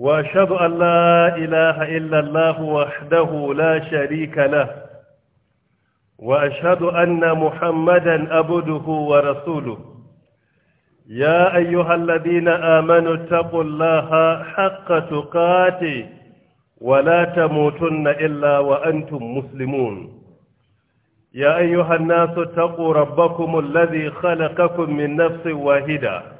وأشهد أن لا إله إلا الله وحده لا شريك له وأشهد أن محمدا أبده ورسوله يا أيها الذين آمنوا اتقوا الله حق تقاته ولا تموتن إلا وأنتم مسلمون يا أيها الناس اتقوا ربكم الذي خلقكم من نفس واحده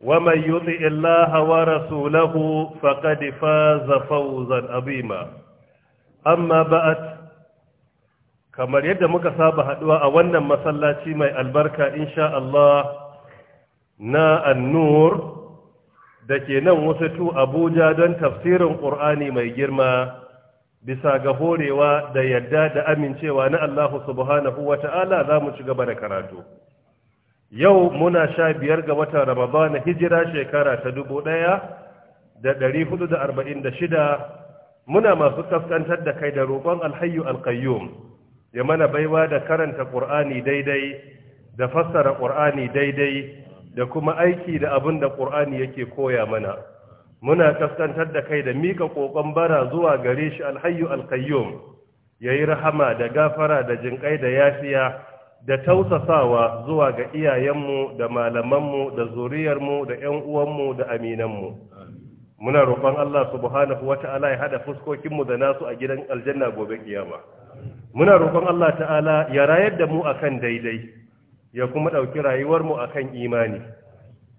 ومن يطع الله ورسوله فقد فاز فوزا عظيما أما بعد kamar yadda muka saba haduwa a wannan masallaci mai albarka insha Allah na annur da ke nan wasatu Abuja don tafsirin Qur'ani mai girma bisa ga horewa da yadda da amincewa na Allah subhanahu wata'ala za mu ci gaba da karatu yau muna sha biyar ga watan ramadan hijira shekara ta dubu ɗaya da ɗari hudu da arba'in da shida muna masu kaskantar da kai da roƙon alhayu alkayyum ya mana baiwa da karanta ƙur'ani daidai da fassara ƙur'ani daidai da kuma aiki da abin da ƙur'ani yake koya mana muna kaskantar da kai da mika ƙoƙon bara zuwa gare shi alhayu alkayyum ya yi rahama da gafara da jinƙai da yafiya da tausasawa zuwa ga iyayenmu da malamanmu da zuriyarmu da 'yan uwanmu da aminanmu muna roƙon Allah subhanahu ta’ala ya hada fuskokinmu da nasu a gidan aljanna gobe kiyama muna roƙon Allah ta'ala ya rayar da mu akan daidai ya kuma ɗauki rayuwarmu akan imani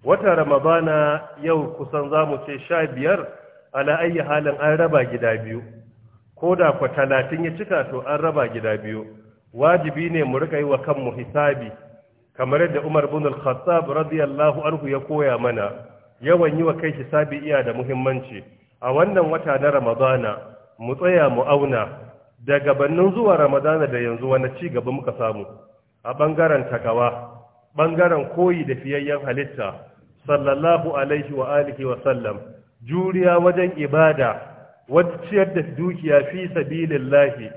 wata ramabana, yau kusan za mu ce sha biyar ala ayyi halin an raba gida biyu ko da kwa talatin ya cika to an raba gida biyu wajibi ne mu rika yi wa kanmu hisabi kamar yadda Umar ibn Al-Khattab radiyallahu anhu ya koya mana yawan yi wa kai hisabi iya da muhimmanci a wannan wata na Ramadana mu tsaya mu auna daga bannin zuwa Ramadana da yanzu wani ci gaba muka samu a bangaren takawa bangaren koyi da fiyayyen halitta sallallahu alaihi wa alihi wa sallam juriya wajen ibada ciyar da dukiya fi sabilillahi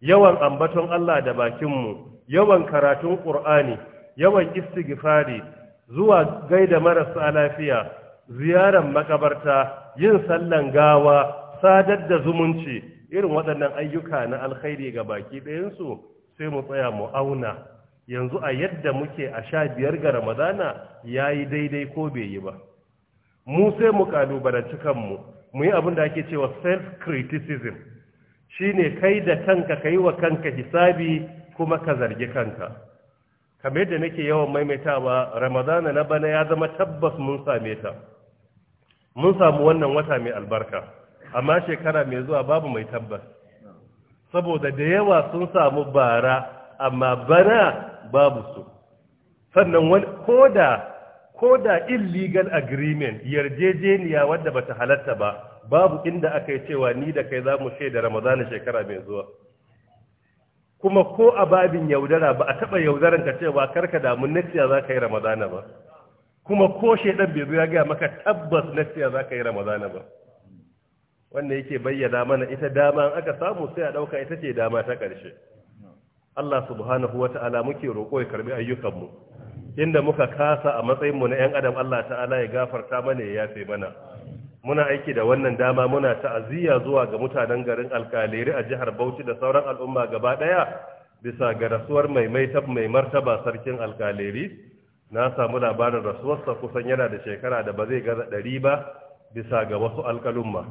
yawan ambaton Allah da bakinmu yawan karatun ƙur'ani yawan istighfari zuwa gaida marasa lafiya ziyaran makabarta yin sallan gawa sadar da zumunci irin waɗannan ayyuka na alkhairi ga baki ɗayansu sai mu tsaya mu auna yanzu a yadda muke a sha biyar ga ramadana ya yi daidai ko bai yi ba mu sai mu kalubalanci kanmu mu yi abin da ake cewa self-criticism shine kai da kanka ka yi wa kanka hisabi kuma ka zargi kanka kamar yadda nake yawan maimaitawa ramadana na bana ya zama tabbas mun same ta mun samu wannan wata mai albarka amma shekara mai zuwa babu mai tabbas saboda da yawa sun samu bara amma bana babu su sannan ko da ko da illegal agreement yarjejeniya wadda bata halarta ba babu inda aka yi cewa ni da kai za mu shaida ramadana shekara mai zuwa kuma ko a babin yaudara ba a taɓa yaudaran ka cewa karka damu nasiya za ka yi ramadana ba kuma ko shaidan bai ya gaya maka tabbas nasiya za ka yi ramadana ba wannan yake bayyana mana ita dama an aka samu sai a ɗauka ita ce dama ta ƙarshe Allah subhanahu wata'ala muke roƙo ya karɓi ayyukanmu inda muka kasa a matsayinmu na 'yan adam Allah ta'ala ya gafarta mana ya yafe mana muna aiki da wannan dama muna ta'aziyya zuwa ga mutanen garin alkaleri a jihar bauchi da sauran al'umma gaba daya bisa ga rasuwar mai mai martaba sarkin alkaleri na samu labarin rasuwarsa kusan yana da shekara da ba zai gaza ɗari ba bisa ga wasu alkalumma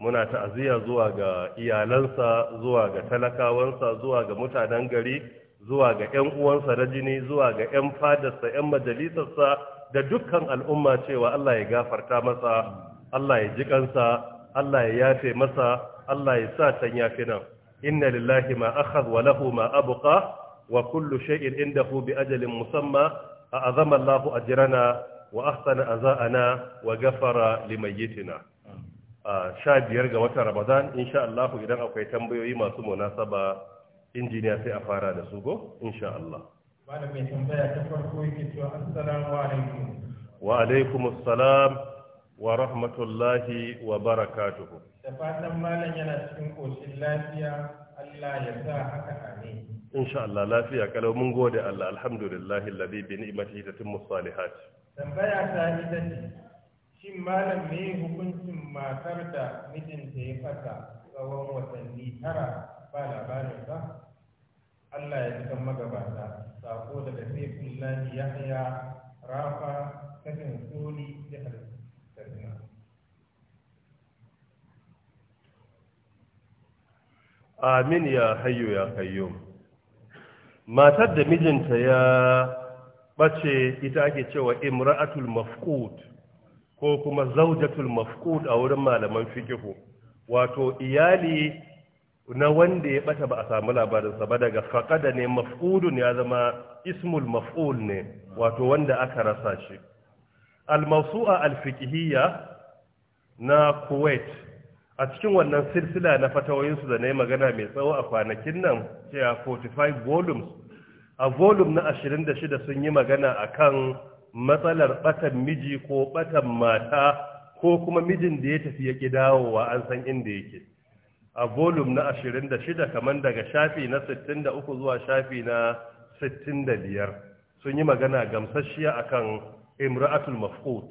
muna ta'aziyya zuwa ga iyalansa zuwa ga talakawansa zuwa ga mutanen gari zuwa ga 'yan uwansa na jini zuwa ga 'yan fadarsa 'yan majalisarsa da dukkan al'umma cewa Allah ya gafarta masa Allah ya ji kansa Allah ya yafe masa Allah ya sa tan yafe nan inna lillahi ma akhadha wa lahu ma abqa wa kullu shay'in indahu bi ajalin musamma a a'azama Allahu ajrana wa ahsana azana wa ghafara limayyitina sha biyar ga watan Ramadan insha Allah idan akwai tambayoyi masu munasaba injiniya sai a fara da su go insha Allah tambaya ta farko yake cewa assalamu alaikum wa alaikum assalam wa rahmatullahi wa barakatuhu da fatan malam yana cikin koshin lafiya Allah ya sa haka amin insha Allah lafiya kalau mun gode Allah alhamdulillahi alladhi bi ni'matihi tatimmu salihat tambaya ta ita ce shin malam me hukuncin matar da mijinta ya fasa tsawon watanni tara ba labarin ba Allah ya cikin magabata sako daga ya haya Rafa Kafin Soli jihar Kaduna. Amin ya hayo ya hayyo. Matar da mijinta ya ɓace ita ake cewa imra'atul mafkut ko kuma zaujatul mafkut a wurin malaman fikihu wato iyali na wanda ya bata ba a samu labarinsa ba daga faƙada ne Mafudun ya zama ismul maf'ul ne wato wanda aka rasa shi al-mawsu'a al-fiqhiyya na Kuwait a cikin wannan silsila na su da na yi magana mai tsawo a kwanakin nan cewa 45 volumes a volume na 26 sun yi magana akan matsalar batan miji ko batan mata ko kuma mijin da ya tafi ya ƙi dawowa an san inda yake a volume na 26 kamar daga shafi na 63 zuwa shafi na 65 sun yi magana a kan imra'atul mafqut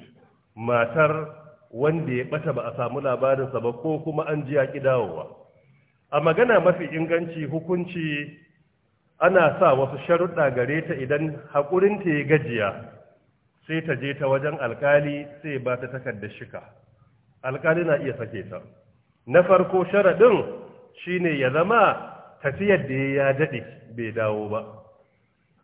matar wanda ya bata ba a samu labarinsa ba ko kuma an ji ya kidawowa a magana mafi inganci hukunci ana sa wasu sharuɗa gare ta idan haƙurinta ya gajiya sai ta je ta wajen alkali sai ba ta takardar shika alkali na iya sake ta na farko sharaɗin shine ya zama tafiyar da ya daɗe bai dawo ba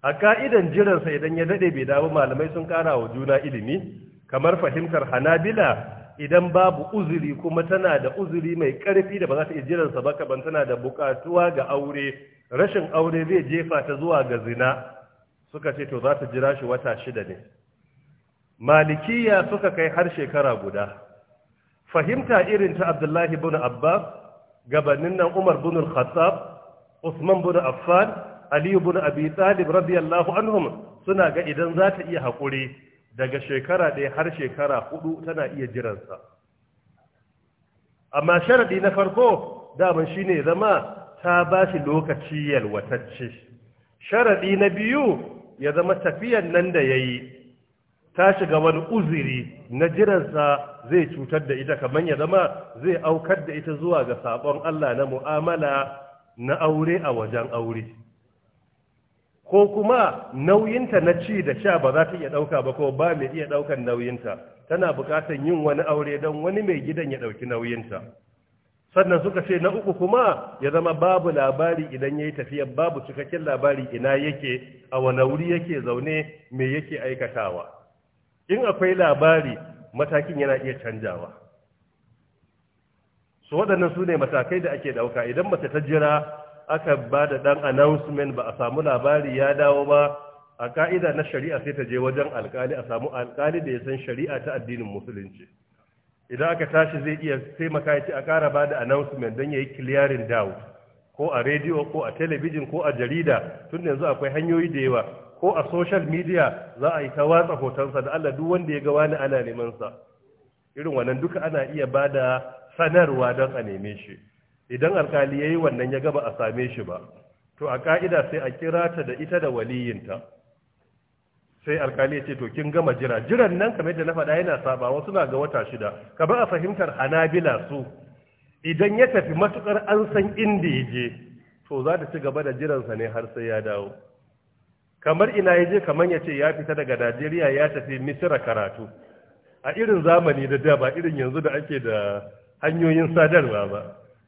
a ka'idan jiransa idan ya daɗe bai dawo malamai sun ƙara wa juna ilimi kamar fahimtar hanabila idan babu uzuri kuma tana da uzuri mai ƙarfi da ba za ta iya jiransa ba kaban tana da buƙatuwa ga aure rashin aure zai jefa ta zuwa ga zina suka ce to za ta jira shi wata shida ne malikiya suka kai har shekara guda fahimta irin ta abdullahi bin abbas gabanin nan umar bin al-khattab usman bin affan aliyu bin abi talib radiyallahu anhum suna ga idan za ta iya haƙuri daga shekara ɗaya har shekara hudu tana iya jiransa amma sharadi na farko daman shine zama ta ba shi lokaci yalwatacce sharaɗi na biyu ya zama tafiyan nan da ya yi ta shiga wani uziri na jiransa zai cutar da ita kamar ya zama zai aukar da ita zuwa ga sabon Allah na mu'amala na aure a wajen aure ko kuma nauyinta na ci da sha ba za ta iya ɗauka ba ko ba mai iya ɗaukar nauyinta tana buƙatar yin wani aure don wani mai gidan ya ɗauki nauyinta sannan suka ce na uku kuma ya zama babu labari idan ya yi tafiya babu cikakken labari ina yake a wani wuri yake zaune me yake aikatawa in akwai labari matakin yana iya canjawa su waɗannan su ne matakai da ake ɗauka idan mace ta jira aka ba da ɗan announcement ba a samu labari ya dawo ba a ka'ida na shari'a sai ta je wajen alkali a samu alkali da ya san shari'a ta addinin musulunci idan aka tashi zai iya taimaka ya ce a ƙara ba da announcement don ya yi clearing doubt ko a rediyo ko a talabijin ko a jarida tun yanzu akwai hanyoyi da yawa ko a social media za a yi ta watsa hotonsa da Allah duk wanda ya ga wani ana neman sa irin wannan duka ana iya bada sanarwa don a neme shi idan alkali yayi wannan ya ga a same shi ba to a ka'ida sai a kira ta da ita da waliyinta sai alkali ya ce to kin gama jira jiran nan kamar da na faɗa yana saba wasu na ga wata shida kamar a fahimtar hanabila su idan ya tafi matukar an san inda ya je to za ta ci gaba da jiransa ne har sai ya dawo kamar ina ya je kamar ya ce ya fita daga najeriya ya tafi misira karatu a irin zamani da da ba irin yanzu da ake da hanyoyin sadarwa ba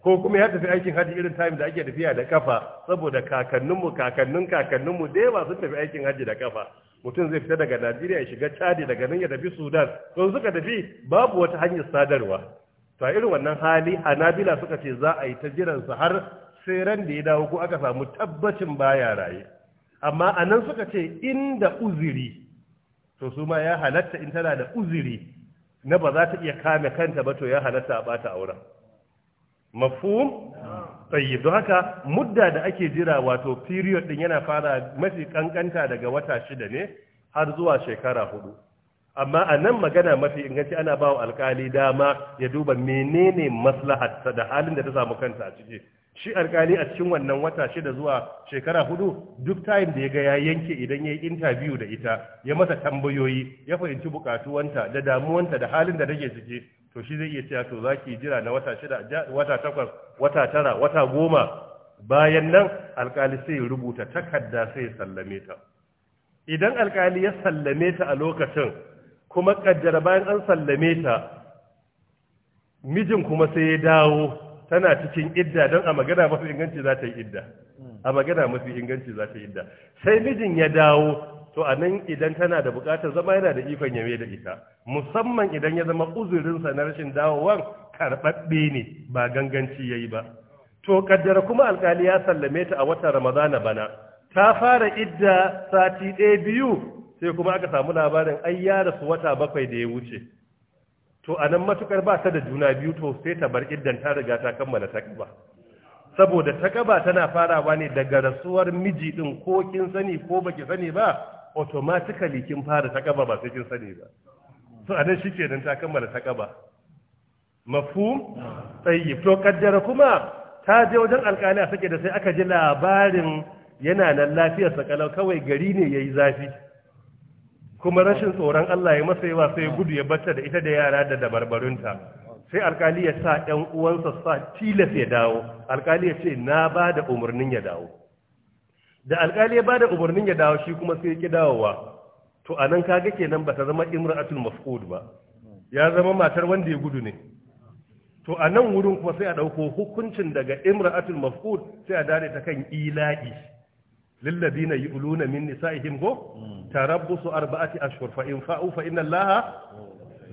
ko kuma ya tafi aikin haji irin time da ake tafiya da kafa saboda kakanninmu kakannin kakanninmu da yawa sun tafi aikin haji da kafa mutum zai fita daga najeriya ya shiga Chad daga nan ya tafi sudan don suka tafi babu wata hanyar sadarwa to a irin wannan hali anabila suka ce za a yi ta jiransa har sai ran da ya dawo ko aka samu tabbacin baya raye amma a nan suka ce inda uziri to su ma ya halatta in tana da uziri na ba za ta iya kame kanta ba to ya halatta a bata auren Mafu, tsayi don haka mudda da ake jira wato period din yana fara mafi kankanta daga wata shida ne har zuwa shekara hudu amma a nan magana mafi inganci ana ba wa alkali dama ya duba menene maslahar da halin da ta samu kanta a ciki shi alkali a cikin wannan wata shida zuwa shekara hudu duk time da ya ga ya yanke idan ya yi intabiyu da ita ya masa tambayoyi ya fahimci bukatuwanta da damuwanta da halin da take ciki to shi zai iya cewa to za ki jira na wata shida wata takwas wata tara wata goma bayan nan alkali sai ya rubuta takarda sai ya sallame ta idan alkali ya sallame ta a lokacin kuma kaddara bayan an sallame ta mijin kuma sai ya dawo tana cikin idda don a magana mafi inganci za ta yi idda a magana mafi inganci za ta yi idda sai mijin ya dawo to a nan idan tana da bukatar zama yana da ikon yame da ita musamman idan ya zama sa na rashin dawowan karɓaɓɓe ne ba ganganci ya yi ba to kaddara kuma alkali ya sallame ta a watan ramadana bana ta fara idda sati ɗaya biyu sai kuma aka samu labarin ai ya rasu wata bakwai da ya wuce to a nan matukar ba ta da juna biyu to sai ta bar iddan ta riga ta kammala ta ƙaba. saboda ta ƙaba tana farawa ne daga rasuwar miji ɗin ko kin sani ko baki sani ba automatically kin fara ta ƙaba ba sai kin sani ba to a nan shike dan ta kammala ta kaba mafhum tayyib to kaddara kuma ta je wajen alƙali a sake da sai aka ji labarin yana nan lafiyarsa kalau kawai gari ne yayi zafi kuma rashin tsoron Allah ya masa yawa sai gudu ya batta da ita da yara da dabarbarunta sai alkali ya sa ɗan uwansa sa tilas ya dawo alkali ya ce na ba da umarnin ya dawo da alkali ya ba da umarnin ya dawo shi kuma sai ya ki dawowa to anan kaga kenan ba ta zama imra'atul mafqud ba ya zama matar wanda ya gudu ne to a nan wurin kuma sai a ɗauko hukuncin daga imra'atul mafqud sai a dare ta kan ila'i lilladina na min nisa'ihim go tarabbusu arba'ati ashhur fa in fa'u fa inna allaha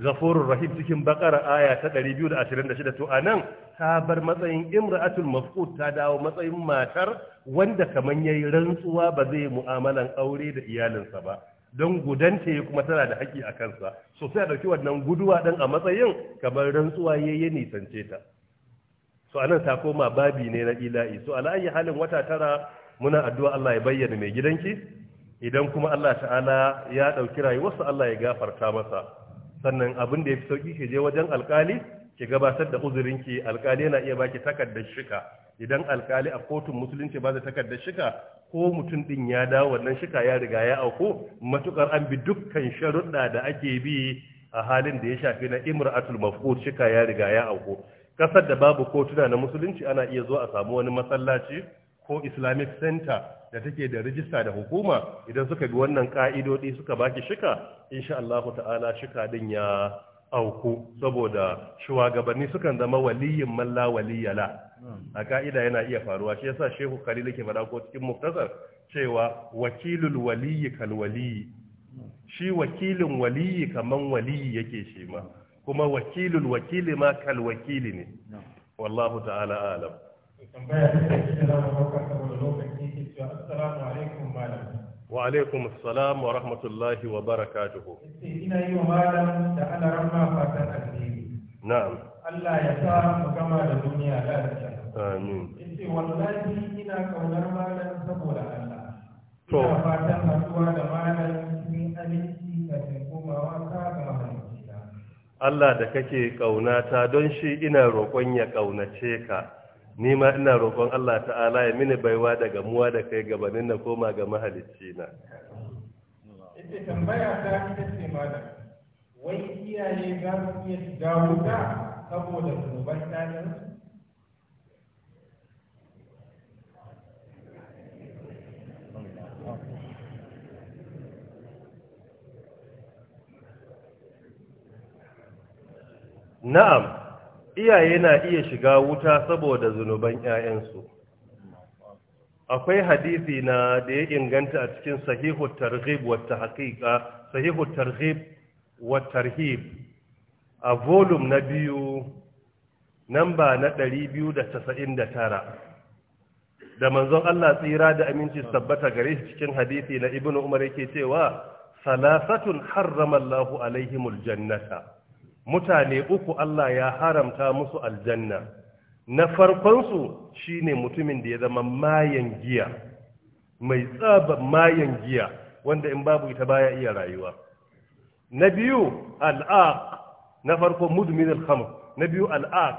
ghafurur rahim cikin bakara aya ta 226 to anan ta bar matsayin imra'atul mafqud ta dawo matsayin matar wanda kaman yayi rantsuwa ba zai mu'amalan aure da iyalinsa ba don ya kuma tana da haƙƙi a kansa Sosai a ɗauki wannan guduwa ɗin a matsayin kamar rantsuwa ya yi nisance ta so anan ta koma babi ne na ila'i so ala'ayi halin wata tara muna addu'a Allah ya bayyana mai gidanki idan kuma Allah ta'ala ya ɗauki rayuwarsa Allah ya gafarta masa sannan abin da ya fi sauƙi ki je wajen alƙali ke gabatar da uzurinki alƙali yana iya baki takardar shika idan alƙali a kotun musulunci ba da takardar shika ko mutum ɗin ya dawo wannan shika ya riga ya auko matukar an bi dukkan sharuɗa da ake bi a halin da ya shafi na imra'atul mafqud shika ya riga ya auko kasar da babu kotuna na musulunci ana iya zuwa a samu wani masallaci ko islamic center da take da rijista da hukuma idan suka ga wannan ka'idodi suka baki shika insha Allah ta'ala shika din ya auku saboda shugabanni sukan zama waliyin malla waliyala a ka'ida yana iya faruwa shi yasa shehu khalil ke fara ko cikin muktasar cewa wakilul waliyi kal waliyi shi wakilin waliyi kaman waliyi yake shi ma kuma wakilul wakili ma kal wakili ne wallahu ta'ala alam wa alaikum assalam wa rahmatullahi wa barakatuhu ina yi malam da ana rama fatan alheri Allah ya sa mu gama da duniya lafiya amin yace ina kaunar malam saboda Allah ina fatan Allah da kake ƙaunata don shi ina roƙon ya ƙaunace ka ni ma ina roƙon Allah ta'ala ya mini baiwa daga muwa da kai gabanin na koma ga mahalicci na ita tambaya ta ita ce malam wai iyaye za su iya dawo da saboda zunuban ɗanin na'am iyaye na iya shiga wuta saboda zunuban ‘ya'yansu akwai hadisi na da ya inganta a cikin sahihu targhib wata haƙiƙa sahihu targhib wa tarhib a volum na biyu namba na 299 da manzon Allah tsira da aminci tabbata gare shi cikin hadisi na ibnu umar yake cewa salasatun harrama Allahu alaihimul jannata mutane uku Allah ya haramta musu aljanna na farkonsu shine mutumin da ya zama mayan giya mai tsaba mayan giya wanda in babu ita baya iya rayuwa na biyu al'aq na farko mudmin al-khamr na biyu al'aq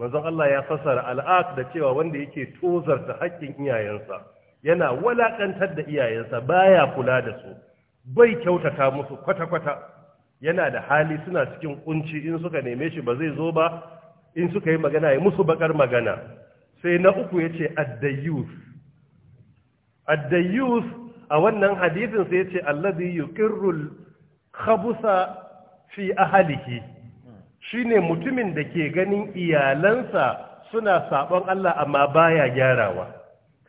manzon Allah ya fassara al'aq da cewa wanda yake tozarta haƙƙin iyayensa yana walakantar da iyayensa baya kula da su bai kyautata musu kwata-kwata yana da hali suna cikin kunci in suka neme shi ba zai zo ba in suka yi magana ya musu bakar magana sai na uku ya ce addayyus addayyus a wannan hadisin sai ya ce alladhi yuqirru khabusa fi ahlihi shine mutumin da ke ganin iyalansa suna sabon Allah amma baya gyarawa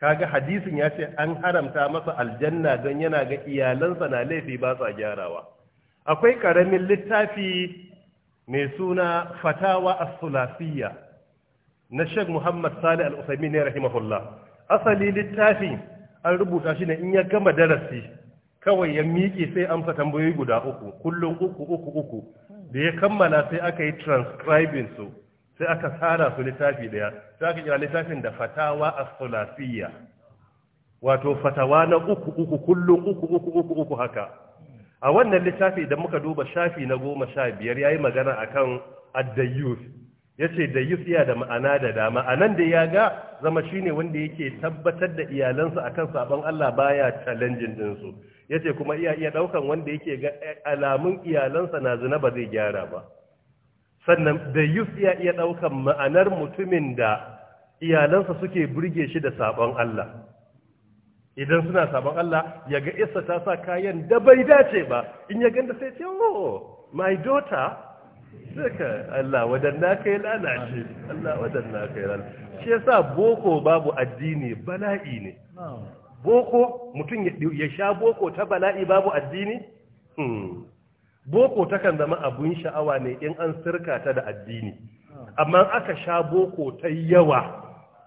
kaga hadisin ya ce an haramta masa aljanna don yana ga iyalansa na laifi ba sa gyarawa akwai ƙaramin littafi mai suna fatawa a sulasiyya na Sheikh Muhammad Salih Al-Uthaymeen rahimahullah asali littafi an rubuta shi ne in ya gama darasi kawai ya miƙe sai amsa tambayoyi guda uku kullum uku uku uku da ya kammala sai aka yi transcribing su sai aka tsara su littafi daya sai aka kira littafin da fatawa a sulasiyya wato fatawa na uku uku kullum uku uku uku haka a wannan littafi idan muka duba shafi na goma sha biyar ya yi magana a kan addayyus ya ce yus iya da ma'ana da dama a nan da ya ga zama shi ne wanda yake tabbatar da iyalansa a kan sabon Allah baya challenging yace ya ce kuma iya iya ɗaukan wanda yake ga eh, alamun iyalansa na zina ba zai gyara ba sannan yus iya iya ɗaukan ma'anar mutumin da iyalansa suke burge shi da sabon Allah idan suna sabon Allah ya ga isa ta sa kayan da bai dace ba in ya ganda sai ce oh my daughter suka Allah wadanda ka yi lalace? Allah ka yi lalace. shi yasa boko babu addini bala'i ne boko mutum ya sha boko ta bala'i babu addini hmm. boko takan zama abun sha'awa ne in an sirka ta da addini amma aka sha boko ta yawa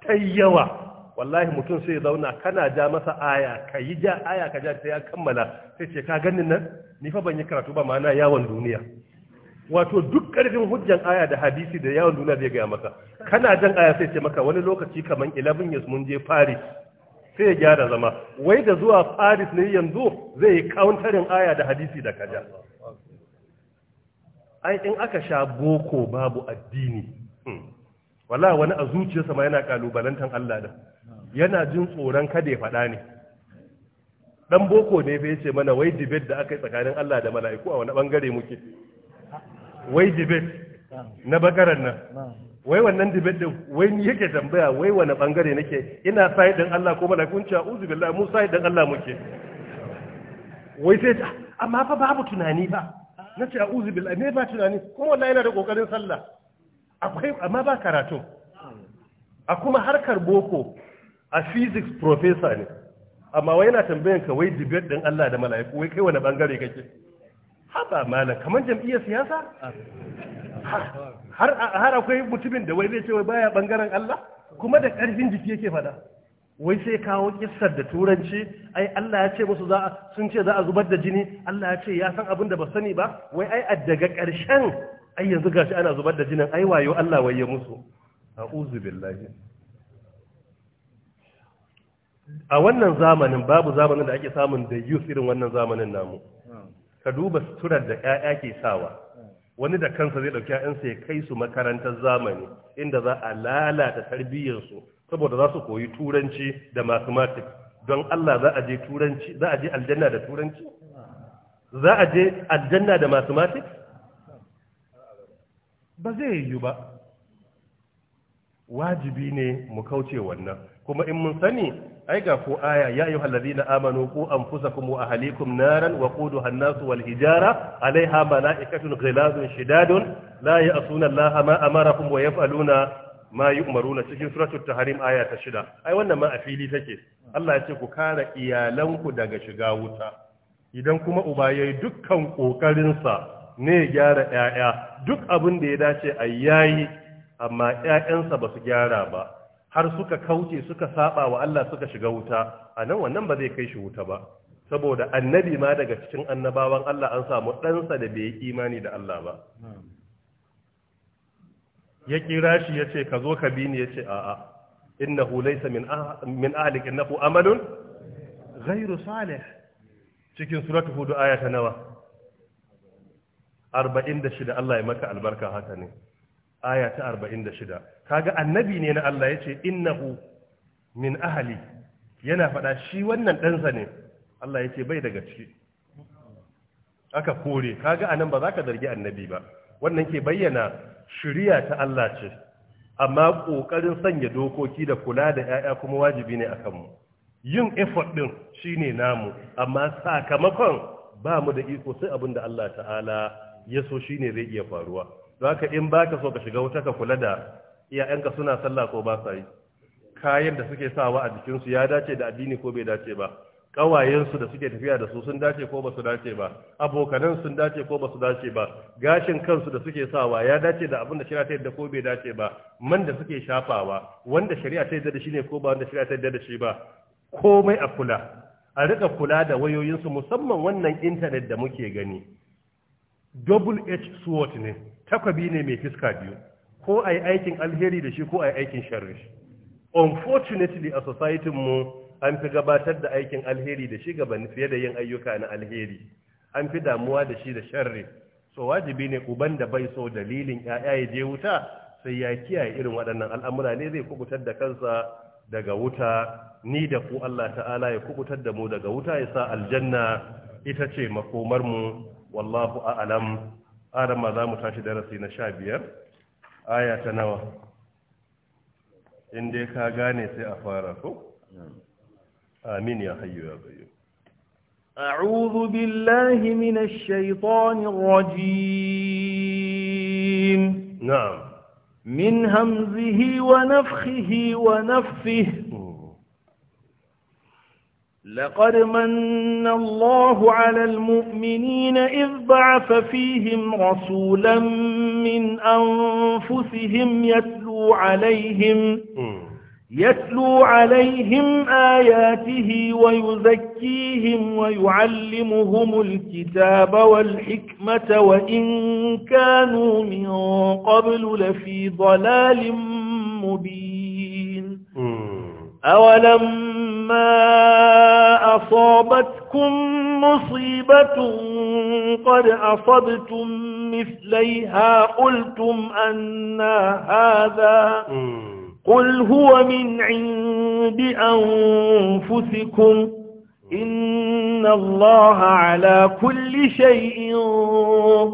ta yawa wallahi mutum sai zauna kana ja masa aya ka yi ja aya ka ja sai ya kammala sai ce ka ganin nan ni fa ban yi karatu ba ma'ana yawon duniya wato duk karfin hujjan aya da hadisi da yawon duniya zai gaya maka kana jan aya sai ce maka wani lokaci kaman 11 years mun je Paris sai ya gyara zama wai da zuwa Paris ne yanzu zai yi kauntarin aya da hadisi da kaja ai in aka sha boko babu addini hmm. wala wani a zuciyarsa ma yana kalubalantan Allah da yana jin tsoron kada ya faɗa ne dan boko ne fa yace mana wai dibet da aka yi tsakanin Allah da mala'iku a wani bangare muke wai dibet na bakaran nan wai wannan dibet din wai ni yake tambaya wai wani bangare nake ina sai Allah ko mala'ikun cha uzu billahi mu sai dan Allah muke wai sai amma fa babu tunani ba nace a'udhu billahi ne ba tunani kuma wallahi yana da kokarin sallah akwai amma ba karatu a kuma harkar boko a physics professor ne amma wai yana tambayan ka wai debate din Allah da mala'iku wai kai wani bangare kake haba malam kaman jam'iyyar siyasa har har akwai mutumin da wai zai ce wai baya bangaren Allah kuma da karfin jiki yake fada wai sai kawo kissar da turanci ai Allah ya ce musu za sun ce za a zubar da jini Allah ya ce ya san abin da ba sani ba wai ai addaga ƙarshen ai yanzu gashi ana zubar da jinin ai wayo Allah waye musu a'udhu billahi a wannan zamanin babu zamanin da ake samun da youth irin wannan zamanin namu ka duba suturar da ƴaƴa ke sawa wani da kansa zai dauki ƴaƴansa ya kai su makarantar zamani inda za a lalata tarbiyyar su saboda za su koyi turanci da mathematics don Allah za a je turanci za a je aljanna da turanci za a je aljanna da mathematics ba zai yiwu ba wajibi ne mu kauce wannan kuma in mun sani ai ga ko aya ya ayyuhal ladina amanu qu anfusakum wa ahlikum naran wa quduha an-nas wal hijara alaiha malaikatun ghilazun shidadun la ya'suna allaha ma amarakum wa yaf'aluna ma yu'maruna cikin suratul tahrim aya ta shida ai wannan ma a fili take Allah ya ce ku kare iyalanku daga shiga wuta idan kuma uba yayi dukkan kokarin sa ne gyara 'ya'ya duk abin da ya dace a yayi amma 'ya'yansa ba su gyara ba har suka kauce suka saba wa Allah suka shiga wuta a nan wannan ba zai kai shi wuta ba saboda annabi ma daga cikin annabawan Allah an samu ɗansa da bai imani da Allah ba ya kira shi ya ce ka zo ka bi ni ya ce a'a innahu laysa min ah, min ahlik innahu amalun ghayru salih cikin suratul hud aya ta nawa Arba'in da shida, Allah ya maka albarka haka ne aya ta Ka kaga annabi ne na Allah ya inna innahu min ahli yana faɗa shi wannan ɗansa ne Allah ya ce bai daga ciki aka kore kaga anan ba za ka zargi annabi ba wannan ke bayyana shiriya ta Allah ce amma kokarin sanya dokoki da kula da 'ya'ya kuma wajibi ne akan mu yin effort din shine namu amma sakamakon ba mu da iko sai abin da Allah ta'ala ya so shi ne zai iya faruwa za ka in ba ka so ka shiga wuta ka kula da iyayenka suna sallah ko ba sa yi kayan da suke sawa a jikinsu ya dace da addini ko bai dace ba ƙawayensu da suke tafiya da su sun dace ko ba su dace ba abokanan sun dace ko ba su dace ba gashin kansu da suke sawa ya dace da abin da shirya ta yadda ko bai dace ba man da suke shafawa wanda shari'a ta yadda da shi ne ko ba wanda shari'a ta yadda da shi ba komai a kula a riƙa kula da wayoyinsu musamman wannan intanet da muke gani double h sword ne takwabi ne mai fiska biyu ko a yi aikin alheri da shi ko a yi aikin sharri unfortunately a society mu an fi gabatar da aikin alheri da shi gaban fiye da yin ayyuka na alheri an fi damuwa da shi da sharri so wajibi ne uban da bai so dalilin ya'ya ya je wuta sai ya kiyaye irin waɗannan al'amura ne zai kubutar da kansa daga wuta ni da ku Allah ta'ala ya kubutar da mu daga wuta ya sa aljanna ita ce makomar mu والله أعلم أرم ذا متاش درسي نشابيا آية نوى إن ديكا غاني سي أفاركو آمين يا حي يا قيوم أعوذ بالله من الشيطان الرجيم نعم من همزه ونفخه ونفثه لقد من الله على المؤمنين إذ بعث فيهم رسولا من أنفسهم يتلو عليهم يتلو عليهم آياته ويزكيهم ويعلمهم الكتاب والحكمة وإن كانوا من قبل لفي ضلال مبين أولم ما أصابتكم مصيبة قد أصبتم مثليها قلتم أن هذا قل هو من عند أنفسكم إن الله على كل شيء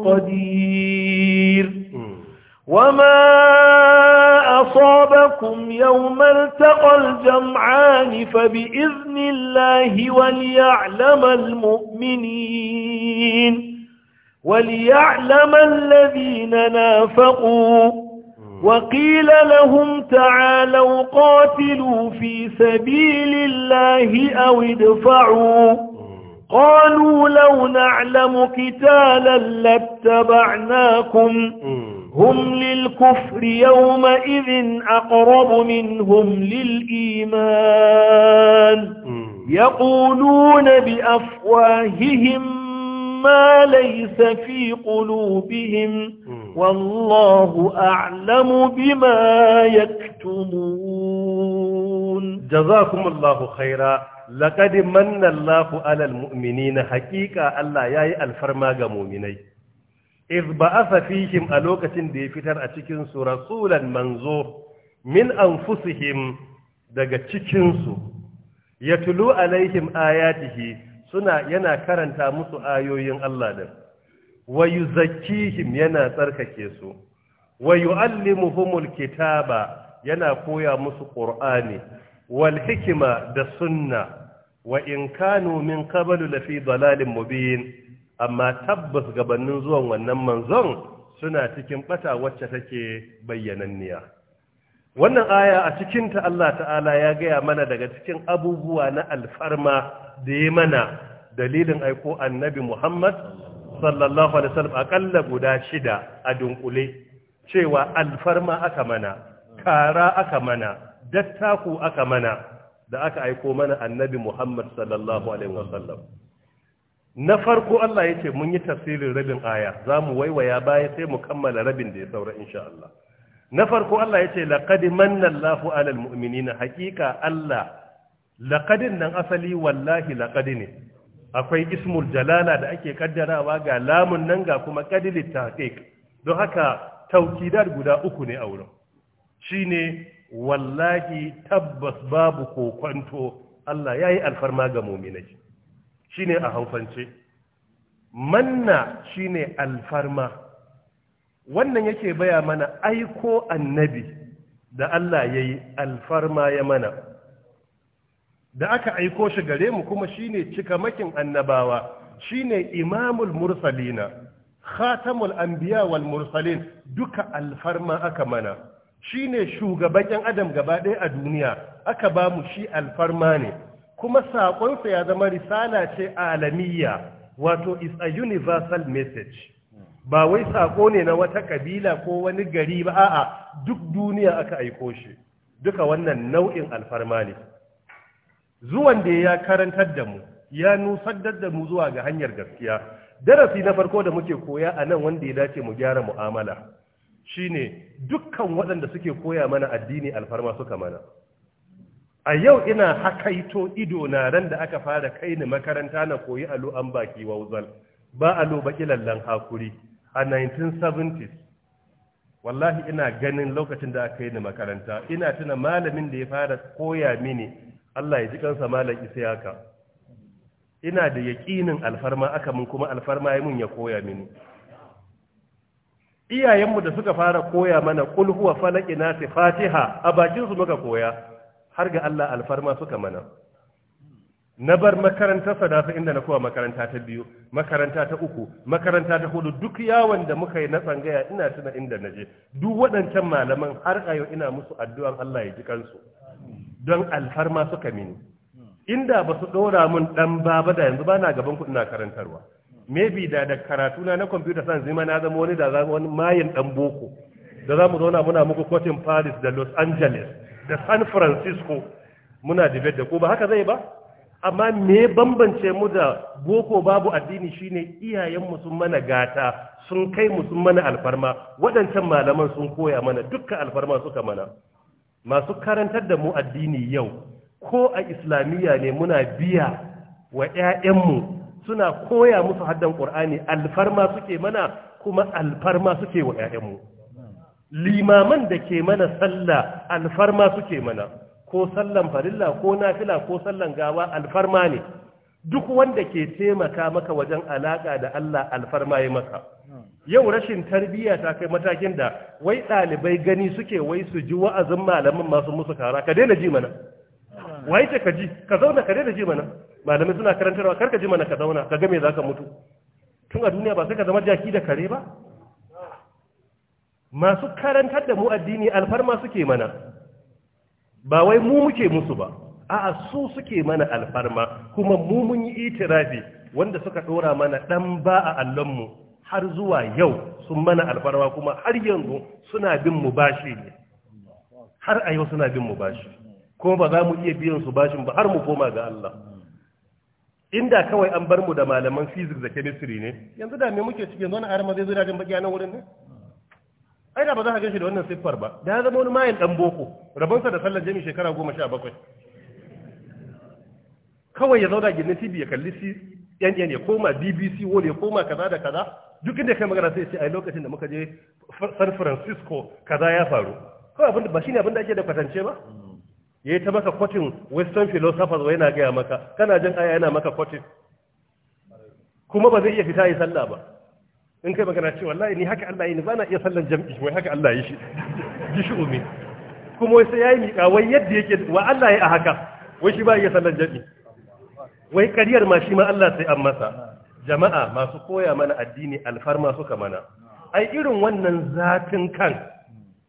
قدير وما أصابكم يوم التقى الجمعان فبإذن الله وليعلم المؤمنين وليعلم الذين نافقوا وقيل لهم تعالوا قاتلوا في سبيل الله أو ادفعوا قالوا لو نعلم كتالا لاتبعناكم هم للكفر يومئذ أقرب منهم للإيمان يقولون بأفواههم ما ليس في قلوبهم والله أعلم بما يكتمون جزاكم الله خيرا لقد من الله على المؤمنين حقيقة الله يأي الفرماق مؤمنين iz ba'atha fihim a lokacin da ya fitar a cikin su rasulan manzo min anfusihim daga cikin su tulu alaihim ayatihi suna yana karanta musu ayoyin Allah da. wa zakkihim yana tsarkake su wa yuallimuhumul kitaba yana koya musu qur'ani wal hikima da sunna wa in kanu min qablu lafi dalalin mubin amma tabbas gabanin zuwan wannan manzon suna cikin bata wacce take bayyananniya wannan aya a cikinta Allah ta'ala ya gaya mana daga cikin abubuwa na alfarma da ya mana dalilin aiko annabi Muhammad sallallahu alaihi wasallam akalla guda shida a dunkule cewa alfarma aka mana kara aka mana dattaku aka mana da aka aiko mana annabi Muhammad sallallahu alaihi wasallam na farko Allah ya ce mun yi tafsirin rabin aya za mu waiwaya baya sai mu kammala rabin da ya saura insha Allah na farko Allah ya ce laqad manna Allahu 'alal mu'minina haqiqa Allah laqad nan asali wallahi laqad ne akwai ismul jalala da ake kaddarawa ga lamun nan ga kuma qadilit tahqiq don haka taukidar guda uku ne a wurin shine wallahi tabbas babu ko kwanto Allah yayi alfarma ga mu'minai shine a hausance manna shine alfarma wannan yake baya mana aiko annabi da Allah ya yi alfarma ya mana da aka aiko shi gare mu kuma shine cikamakin annabawa shine imamul mursalina khatamul anbiya wal mursalin duka alfarma aka mana shine shugaban yan adam gaba ɗaya a duniya aka ba mu shi alfarma ne kuma saƙonsa ya zama risala ce alamiya wato is a universal message ba wai saƙo ne na wata kabila ko wani gari ba a'a duk duniya aka aiko shi duka wannan nau'in alfarma ne zuwan da ya karantar da mu ya nusadar da mu zuwa ga hanyar gaskiya darasi na farko da muke koya a nan wanda ya dace mu gyara mu'amala shine dukkan waɗanda suke koya mana addini alfarma suka mana a yau ina hakaito ido na ran da aka fara kai ni makaranta na koyi alo an baki wauzal ba alo baki lallan hakuri a 1970s wallahi ina ganin lokacin da aka yi ni makaranta ina tuna malamin da ya fara koya mini Allah ya ji kansa malam Isiyaka ina da yaƙinin alfarma aka mun kuma alfarma ya mun ya koya mini iyayenmu da suka fara koya mana kulhuwa huwa fatiha a bakinsu muka koya har ga Allah alfarma suka mana na bar makarantar sadafa inda na kowa makaranta ta biyu makaranta ta uku makaranta ta hudu duk yawon da muka yi na tsangaya ina tuna inda na je duk waɗancan malaman har a yau ina musu addu'an Allah ya ji kansu don alfarma suka mini inda ba su ɗora mun ɗan baba da yanzu ba na gaban kuɗi na karantarwa maybe da da karatuna na computer san zima na zama wani da zama wani mayin ɗan boko da za mu zauna muna muku kotun paris da los angeles da san francisco muna debate da ko ba haka zai ba amma me bambance mu da boko babu addini shine iyayenmu sun mana gata sun kai mu sun mana alfarma waɗancan malaman sun koya mana dukkan alfarma suka mana masu karantar da mu addini yau ko a islamiyya ne muna biya wa 'ya'yanmu suna koya musu haddan ƙur'ani alfarma suke mana kuma alfarma suke wa 'ya'yanmu limaman da ke mana sallah alfarma suke mana ko sallan farilla ko nafila ko sallan gawa alfarma ne duk wanda ke taimaka maka wajen alaka da Allah alfarma ya maka yau rashin tarbiyya ta kai matakin da wai ɗalibai gani suke wai su ji wa'azin malamin masu musu kara ka daina ji mana wai ce ka ji ka zauna ka daina ji mana malamin suna karantarwa kar ka ji mana ka zauna ka ga me zaka mutu tun a duniya ba sai ka zama jaki da kare ba masu karantar da mu addini alfarma suke mana ba wai mu muke musu ba a'a su suke mana alfarma kuma mu mun yi itirafi wanda suka dora mana dan ba a allonmu har zuwa yau sun mana alfarma kuma har yanzu suna bin mu bashi ne har a yau suna bin mu bashi kuma ba za mu iya biyan su bashin ba har mu koma ga Allah inda kawai an bar mu da malaman physics da chemistry ne yanzu da me muke cikin yanzu na arama zai zo da jin baki a nan wurin ne ai da ba za ka gashi da wannan siffar ba da ya zama wani mayan dan boko rabonsa da sallar jami shekara goma sha bakwai kawai ya zauna gidan tv ya kalli cnn ya koma bbc world ya koma kaza da kaza duk inda kai magana sai ce a lokacin da muka je san francisco kaza ya faru kawai abinda ba shine abinda ake da kwatance ba yayi ta maka kwatin western philosophers wai na gaya maka kana jin aya yana maka kwatin kuma ba zai iya fita yi sallah ba in kai magana ce wallahi ni haka Allah yi ni bana iya sallan jam'i wai haka Allah yi shi shi umi kuma wai sai yayi miƙa wai yadda yake wa Allah yi a haka wai shi ba iya sallan jam'i wai kariyar ma shi ma Allah sai an masa jama'a masu koya mana addini alfarma suka mana ai irin wannan zatin kan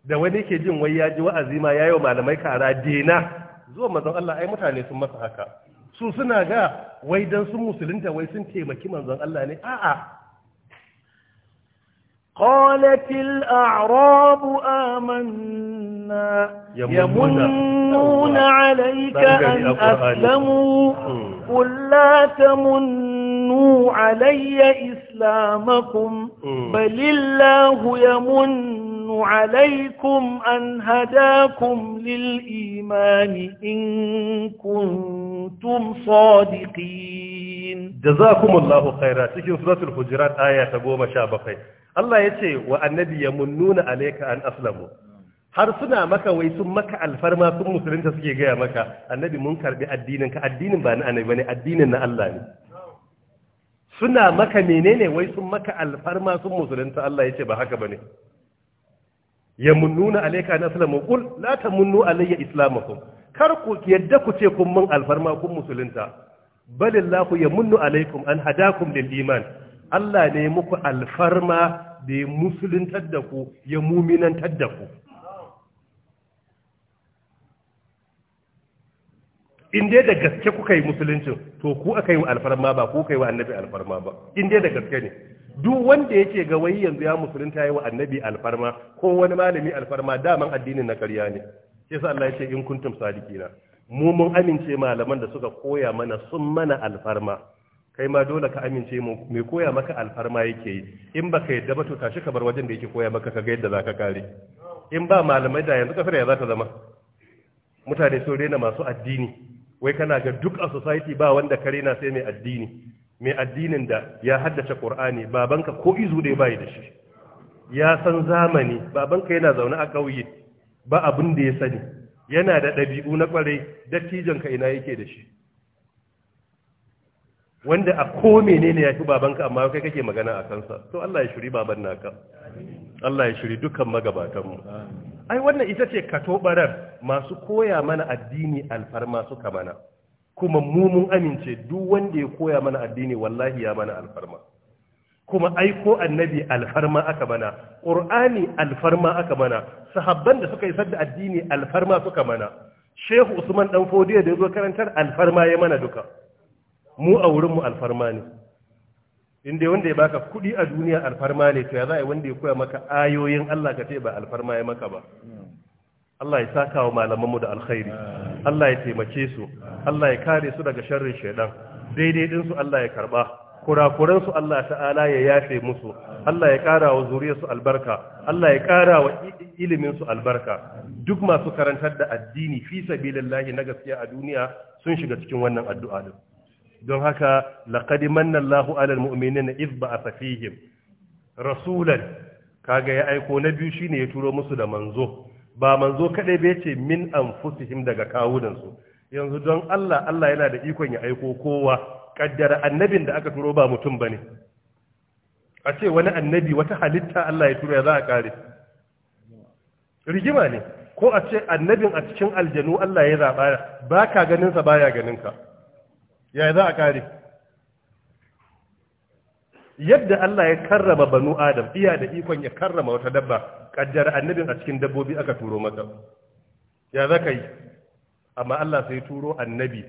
da wani ke jin wai ya ji wa'azi ma yayo malamai kara dena zuwa manzon Allah ai mutane sun masa haka su suna ga wai dan sun musulunta wai sun taimaki manzon Allah ne a'a قالت الأعراب آمنا يمنون عليك أن أسلموا قل لا تمنوا علي إسلامكم بل الله يمن يمن عليكم أن هداكم للإيمان إن كنتم صادقين جزاكم الله خيرا تكين سورة الحجرات آية تقوم شابقين الله يتي وأنبي يمنون عليك أن أسلموا har suna maka wai sun maka alfarma sun musulunta suke gaya maka annabi mun karbi addinin ka addinin ba na annabi bane addinin na Allah ne suna maka menene wai sun maka alfarma sun musulunta Allah yace ba haka bane yamununa alayka naslamu qul la tamunnu alayya islamakum kar ku yadda ku ce kun mun alfarma kun musulunta balillahu yamunnu alaykum an hadakum lil iman Allah ne muku alfarma da ya musuluntar da ku ya muminantar da ku in dai da gaske kuka yi musuluncin to ku aka yi alfarma ba ku kai wa annabi alfarma ba in dai da gaske ne duk wanda yake ga wai yanzu ya musulunta yi wa annabi alfarma ko wani malami alfarma daman addinin na ƙarya ne sai sa Allah ya ce in kuntum sadiqina mu mun amince malaman da suka koya mana sun mana alfarma kai ma dole ka amince mu mai koya maka alfarma yake yi in baka yadda ba to tashi ka bar wajen da yake koya maka kaga yadda zaka kare in ba malamai da yanzu kafira ya zata zama mutane sun rena masu addini wai kana ga duk a society ba wanda ka na sai mai addini mai addinin da ya haddace ƙur'ani babanka ko izu ɗaya bayi da shi ya san zamani babanka yana zaune a ƙauye ba abin da ya sani yana da ɗabi'u na ƙwarai dattijanka ina yake da shi wanda a ko menene ya fi babanka amma kai kake magana a kansa to Allah ya shiri baban naka Allah ya shiri dukkan magabatanmu ai wannan ita ce katobarar masu koya mana addini alfarma suka mana kuma mu mun amince duk wanda ya koya mana addini wallahi ya mana alfarma kuma aiko annabi alfarma aka mana qur'ani alfarma aka mana sahabban da suka isar da addini alfarma suka mana shehu usman dan fodiya da yazo karantar alfarma ya mana duka mu a wurin mu alfarma ne inda wanda ya baka kudi a duniya alfarma ne to ya za a wanda ya koya maka ayoyin Allah ka ce ba alfarma ya maka ba Allah ya saka wa malamanmu da alkhairi Allah ya taimake su Allah ya kare su daga sharrin shaidan daidai din Allah ya karɓa. kurakuran su Allah ta'ala ya yafe musu Allah ya kara wa zuriyar su albarka Allah ya kara wa iliminsu albarka duk masu karantar da addini fi sabilillahi na gaskiya a duniya sun shiga cikin wannan addu'a din don haka laqad manna Allahu 'alal mu'minina izba a fihim rasulan kaga ya aiko na biyu shine ya turo musu da manzo ba manzo kadai bai ce min fusihim daga su. yanzu don Allah Allah yana da ikon ya aiko kowa kaddara annabin da aka turo ba mutum bane a ce wani annabi wata halitta Allah ya turo ya za a kare rigima ne ko a ce annabin a cikin aljanu Allah ya zaɓa ba ka ganinsa ba ya ganinka ya za a kare yadda Allah ya karrama banu adam iya da ikon ya karrama wata dabba ƙaddara annabin a cikin dabbobi aka turo maka ya zaka yi amma Allah sai turo annabi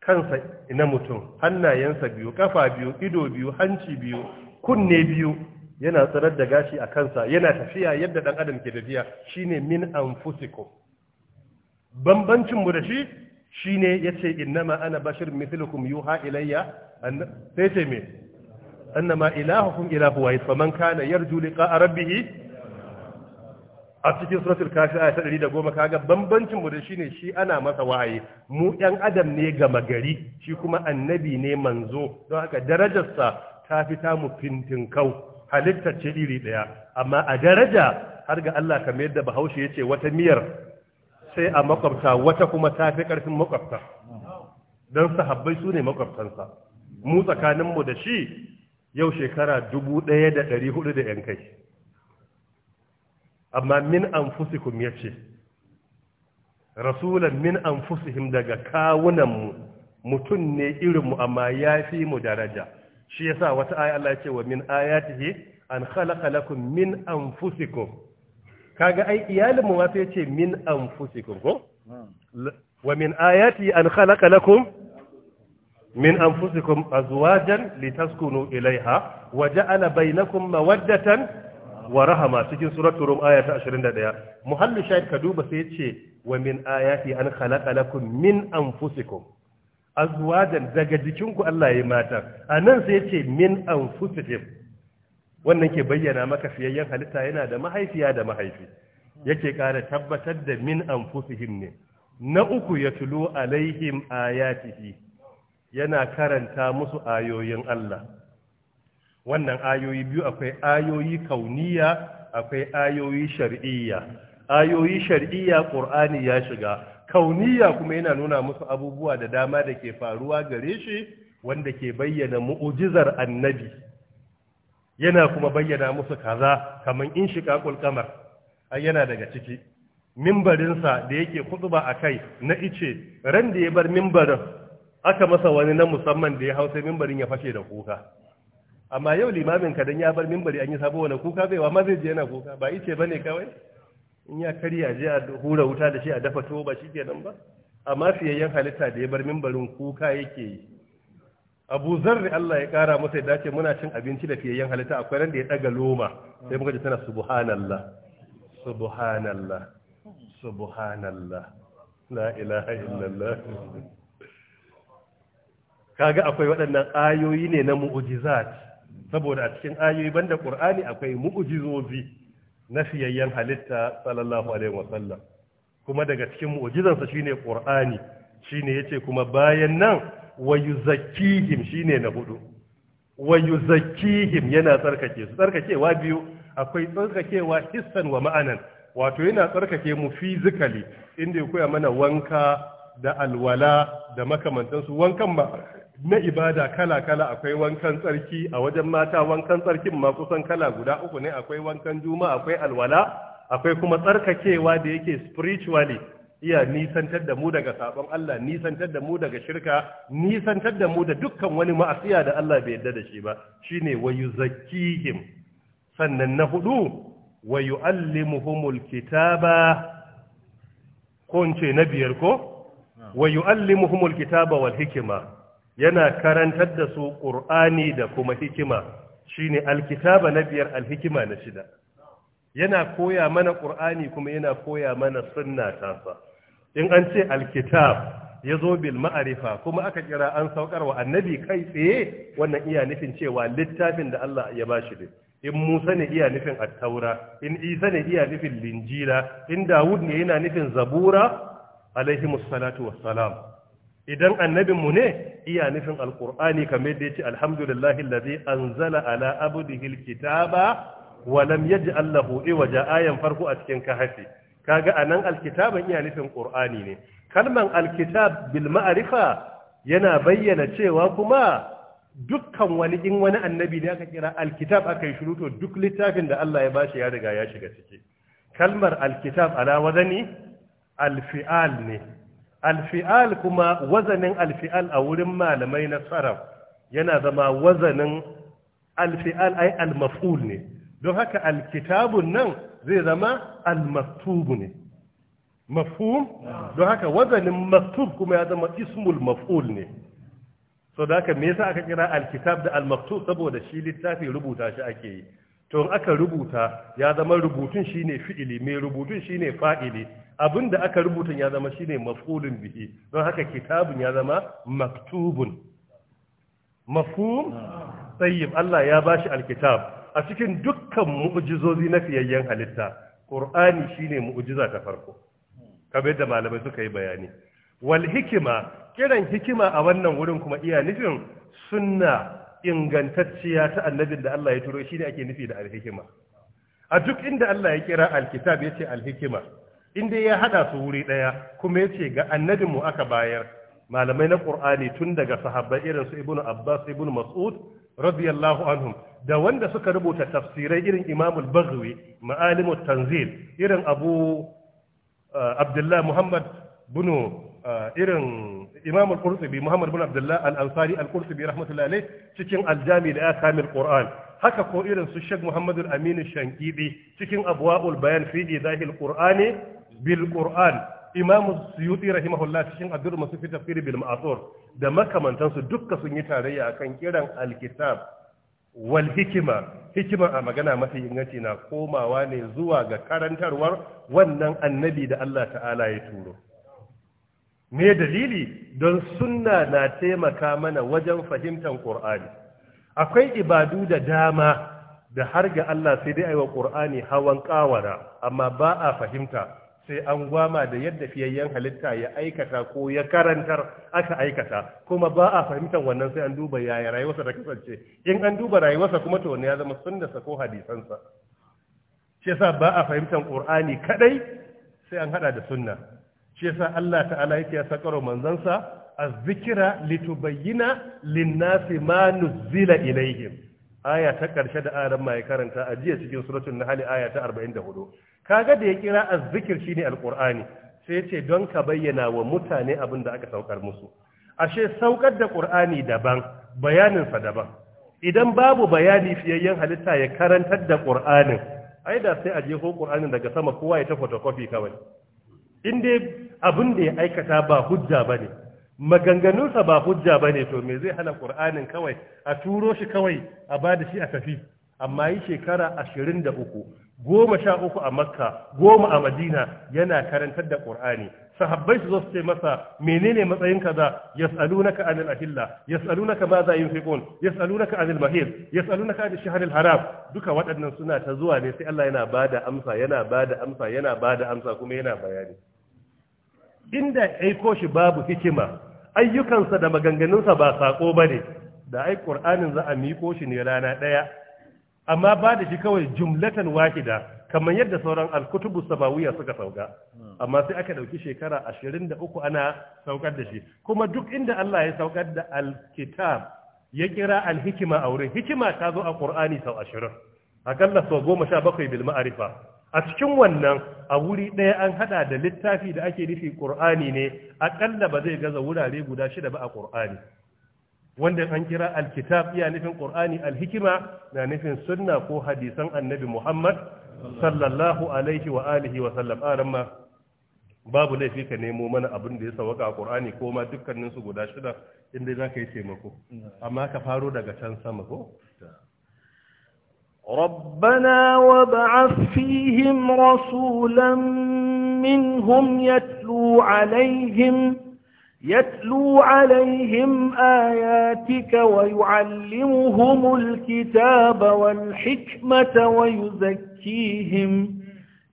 kansa na mutum hannayensa biyu kafa biyu ido biyu hanci biyu kunne biyu yana tsarar da gashi a kansa yana tafiya yadda ɗan adam ke tafiya shine min anfusikum bambancin mu da shi shine yace innama ana bashir mithlukum yuha ilayya sai ce me annama ilahukum ilahu wahid faman kana yarju liqa rabbih a cikin suratul kafir ayat 110 kaga bambancin mu da shine shi ana masa waye mu ɗan adam ne gama gari shi kuma annabi ne manzo don haka darajarsa ta fita mu fintin kau halitta ce iri daya amma a daraja har ga Allah kamar yadda Bahaushe yace wata miyar sai a makwabta wata kuma ta fi karfin makwabta dan sahabbai su ne makwabtansa mu tsakanin mu da shi yau shekara dubu ɗaya da ɗari hudu da ‘yan kai amma min an ya ce, rasulan min an anfusihim daga kawunan mu mutun ne irin mu amma fi mu daraja shi ya sa wata aya Allah ce wa min ayatihi an khalaqa lakum min anfusikum kaga ai iyalinmu mu ma sai ce min anfusikum ko wa min ayati an khalaqa lakum min anfusikum azwajan litaskunu ilaiha wa ja'ala bainakum mawaddatan wa rahama cikin suratul rum aya ta 21 muhallu shahid ka duba sai yace wa min ayati an khalaqa lakum min anfusikum azwajan daga jikinku Allah ya mata anan sai yace min anfusikum wannan ke bayyana maka fiyayyen halitta yana da mahaifiya da mahaifi yake kara tabbatar da min anfusihim ne na uku ya tulo alaihim ayatihi yana karanta musu ayoyin Allah wannan ayoyi biyu akwai ayoyi kauniya akwai ayoyi shar'iyya ayoyi shar'iyya qur'ani ya shiga kauniya kuma yana nuna musu abubuwa da dama da ke faruwa gare shi wanda ke bayyana mu'jizar annabi yana kuma bayyana musu kaza kaman in shika kulkamar ai yana daga ciki mimbarinsa da yake kutuba a kai na ice ran da ya bar mimbarin aka masa wani na musamman da ya hausa mimbarin ya fashe da kuka amma yau limamin ka ya bar mimbari an yi sabo wani kuka bai wa zai je yana kuka ba ice ne kawai in ya karya je a hura wuta da shi a dafa tuwo ba nan ba amma fiyayyen halitta da ya bar mimbarin kuka yake yi abu zarri Allah ya kara masa ya dace muna cin abinci da fiyayyen halitta akwai ran da ya daga loma sai muka ji tana subhanallah subhanallah subhanallah la ilaha illallah kaga akwai waɗannan ayoyi ne na mu'ujizat saboda a cikin ayoyi banda qur'ani akwai mu'jizozi na fiyayyen halitta sallallahu alaihi wasallam kuma daga cikin mu'jizansa shine qur'ani shine yace kuma bayan nan wayuzakkihim shine na hudu wayuzakkihim yana tsarkake su tsarkakewa biyu akwai tsarkakewa hissan wa ma'anan wato yana tsarkake mu physically inda ya koya mana wanka da alwala da makamantansu wankan ba na ibada kala-kala akwai wankan tsarki a wajen mata wankan tsarkin ma kusan kala guda uku ne akwai wankan juma akwai alwala akwai kuma tsarkakewa da yake spiritually iya nisantar da mu daga sabon Allah nisantar da mu daga shirka nisantar da mu da dukkan wani ma'asiya da Allah bai yarda da shi ba shine wayu zakihim sannan na hudu wayu allimuhumul kitaba ko na biyar ko wayu allimuhumul kitaba wal hikma yana karantar da su ƙur'ani da kuma hikima shine alkitaba na biyar alhikima na shida yana koya mana ƙur'ani kuma yana koya mana sunna tasa in an ce alkitab ya zo bil ma'arifa kuma aka kira an saukar wa annabi kai tsaye wannan iya nufin cewa littafin da Allah ya bashi ne in Musa ne iya nufin attaura in Isa ne iya nufin linjira in Dawud ne yana nufin zabura alaihi salatu wassalam idan annabinmu ne iya nufin alkur'ani kamar da ya ce alhamdulillahi lazi anzala ala abdihil kitaba wa lam yaj'al lahu iwaja ayan farko a cikin kahfi kaga anan alkitaban iya nufin Al-Ƙur'ani ne kalman alkitab bil yana bayyana cewa kuma dukkan wani in wani annabi ne aka kira alkitab aka yi shiru to duk littafin da Allah ya bashi ya riga ya shiga ciki kalmar alkitab ala wazani alfi'al ne alfi'al kuma wazanin alfi'al a wurin malamai na sarraf yana zama wazanin alfi'al ai almaf'ul ne don haka alkitabun nan zai zama almaktubu ne mafhum don haka wazanin maktub kuma ya zama ismul maf'ul ne so da haka me yasa aka kira alkitab da almaktub saboda shi littafi rubuta shi ake yi to aka rubuta ya zama rubutun shine fi'ili mai rubutun shine fa'ili abin da aka rubuta ya zama shine maf'ulun bihi don haka kitabun ya zama maktubun mafhum ah. tayyib Allah ya bashi alkitab a cikin dukkan mu'jizozi na fiyayyen halitta qur'ani shine mu'jiza ta farko kamar yadda malamai suka yi bayani wal hikima kiran hikima a wannan wurin kuma iya nufin sunna ingantacciya ta annabin da Allah ya turo shine ake nufi da alhikima a duk inda Allah ya kira alkitab ya yace alhikima in dai ya haɗa su wuri daya kuma ce ga annabin aka bayar malamai na qur'ani tun daga sahabbai irin su ibnu abbas ibnu mas'ud radiyallahu anhum da wanda suka rubuta tafsirai irin imam al-baghawi ma'alim tanzil irin abu uh, abdullah muhammad bin uh, irin imam al-qurtubi muhammad bin abdullah al-ansari al-qurtubi rahmatullahi cikin al-jami da akamil qur'an haka ko irin su Sheikh Muhammadu Aminu Shankidi cikin abwa'ul bayan fi idahil Qur'ani bil qur'an imam suyuti rahimahullah cikin abdur masu fi tafsir bil ma'thur da makamantansu dukka sun yi tarayya akan kiran alkitab wal hikima hikima a magana mafi inganci na komawa ne zuwa ga karantarwar wannan annabi da Allah ta'ala ya turo me dalili don sunna na taimaka mana wajen fahimtar qur'ani akwai ibadu da dama da har ga Allah sai dai aiwa qur'ani hawan kawara amma ba a fahimta sai an gwama da yadda fiyayyen halitta ya aikata ko ya karantar aka aikata kuma ba a fahimtar wannan sai an duba yaya rayuwarsa ta kasance in an duba rayuwarsa kuma to ya zama sunnarsa ko hadisansa shi yasa ba a fahimtar qur'ani kadai sai an hada da sunna shi yasa Allah ta'ala yake ya sakaro manzansa az-zikra litubayyana lin-nasi ma nuzila ilayhim aya ta karshe da aran mai karanta a jiya cikin suratul nahl aya ta 44 kaga da ya kira azzikir shine alqur'ani sai ya ce don ka bayyana wa mutane abin da aka saukar musu ashe saukar da qur'ani daban bayaninsa daban idan babu bayani fiyayyen halitta ya karantar da qur'anin ai da sai a je ko qur'anin daga sama kowa ya ta photocopy kawai in dai abin da ya aikata ba hujja bane maganganunsa ba hujja bane to me zai hana qur'anin kawai a turo shi kawai a bada shi a tafi amma yi shekara ashirin da uku goma sha uku a makka goma a madina yana karantar da ƙur'ani sahabbai su zo su ce masa menene matsayin kaza yas'alunaka anil ahilla yas'alunaka ma za yunfiqun yas'alunaka anil mahid yas'alunaka anil shahril haram duka waɗannan suna ta zuwa ne sai Allah yana bada amsa yana bada amsa yana bada amsa kuma yana bayani inda aiko shi babu hikima ayyukansa da maganganunsa ba sako bane da ai Qur'anin za a miƙo shi ne rana ɗaya amma ba da shi kawai jumlatan wahida kamar yadda sauran alkutubu samawiya suka sauka amma sai aka ɗauki shekara 23 ana saukar da shi kuma duk inda Allah ya saukar da alkitab ya kira alhikima a wurin hikima ta zo a Qur'ani sau 20 akalla sau bakwai bil ma'arifa a cikin wannan a wuri ɗaya an haɗa da littafi da ake nufi Qur'ani ne akalla ba zai gaza wurare guda shida ba a Qur'ani wanda an kira alkitab iya nufin qur'ani alhikima na nufin sunna ko hadisan annabi muhammad sallallahu alaihi wa alihi wa sallam aran babu laifi ka nemo mana abin da ya sawaka a qur'ani ko ma dukkanin su guda shida inda za ka yi taimako amma ka faro daga can sama ko ربنا وابعث فيهم رسولا منهم يتلو عليهم يتلو عليهم آياتك ويعلمهم الكتاب والحكمة ويزكيهم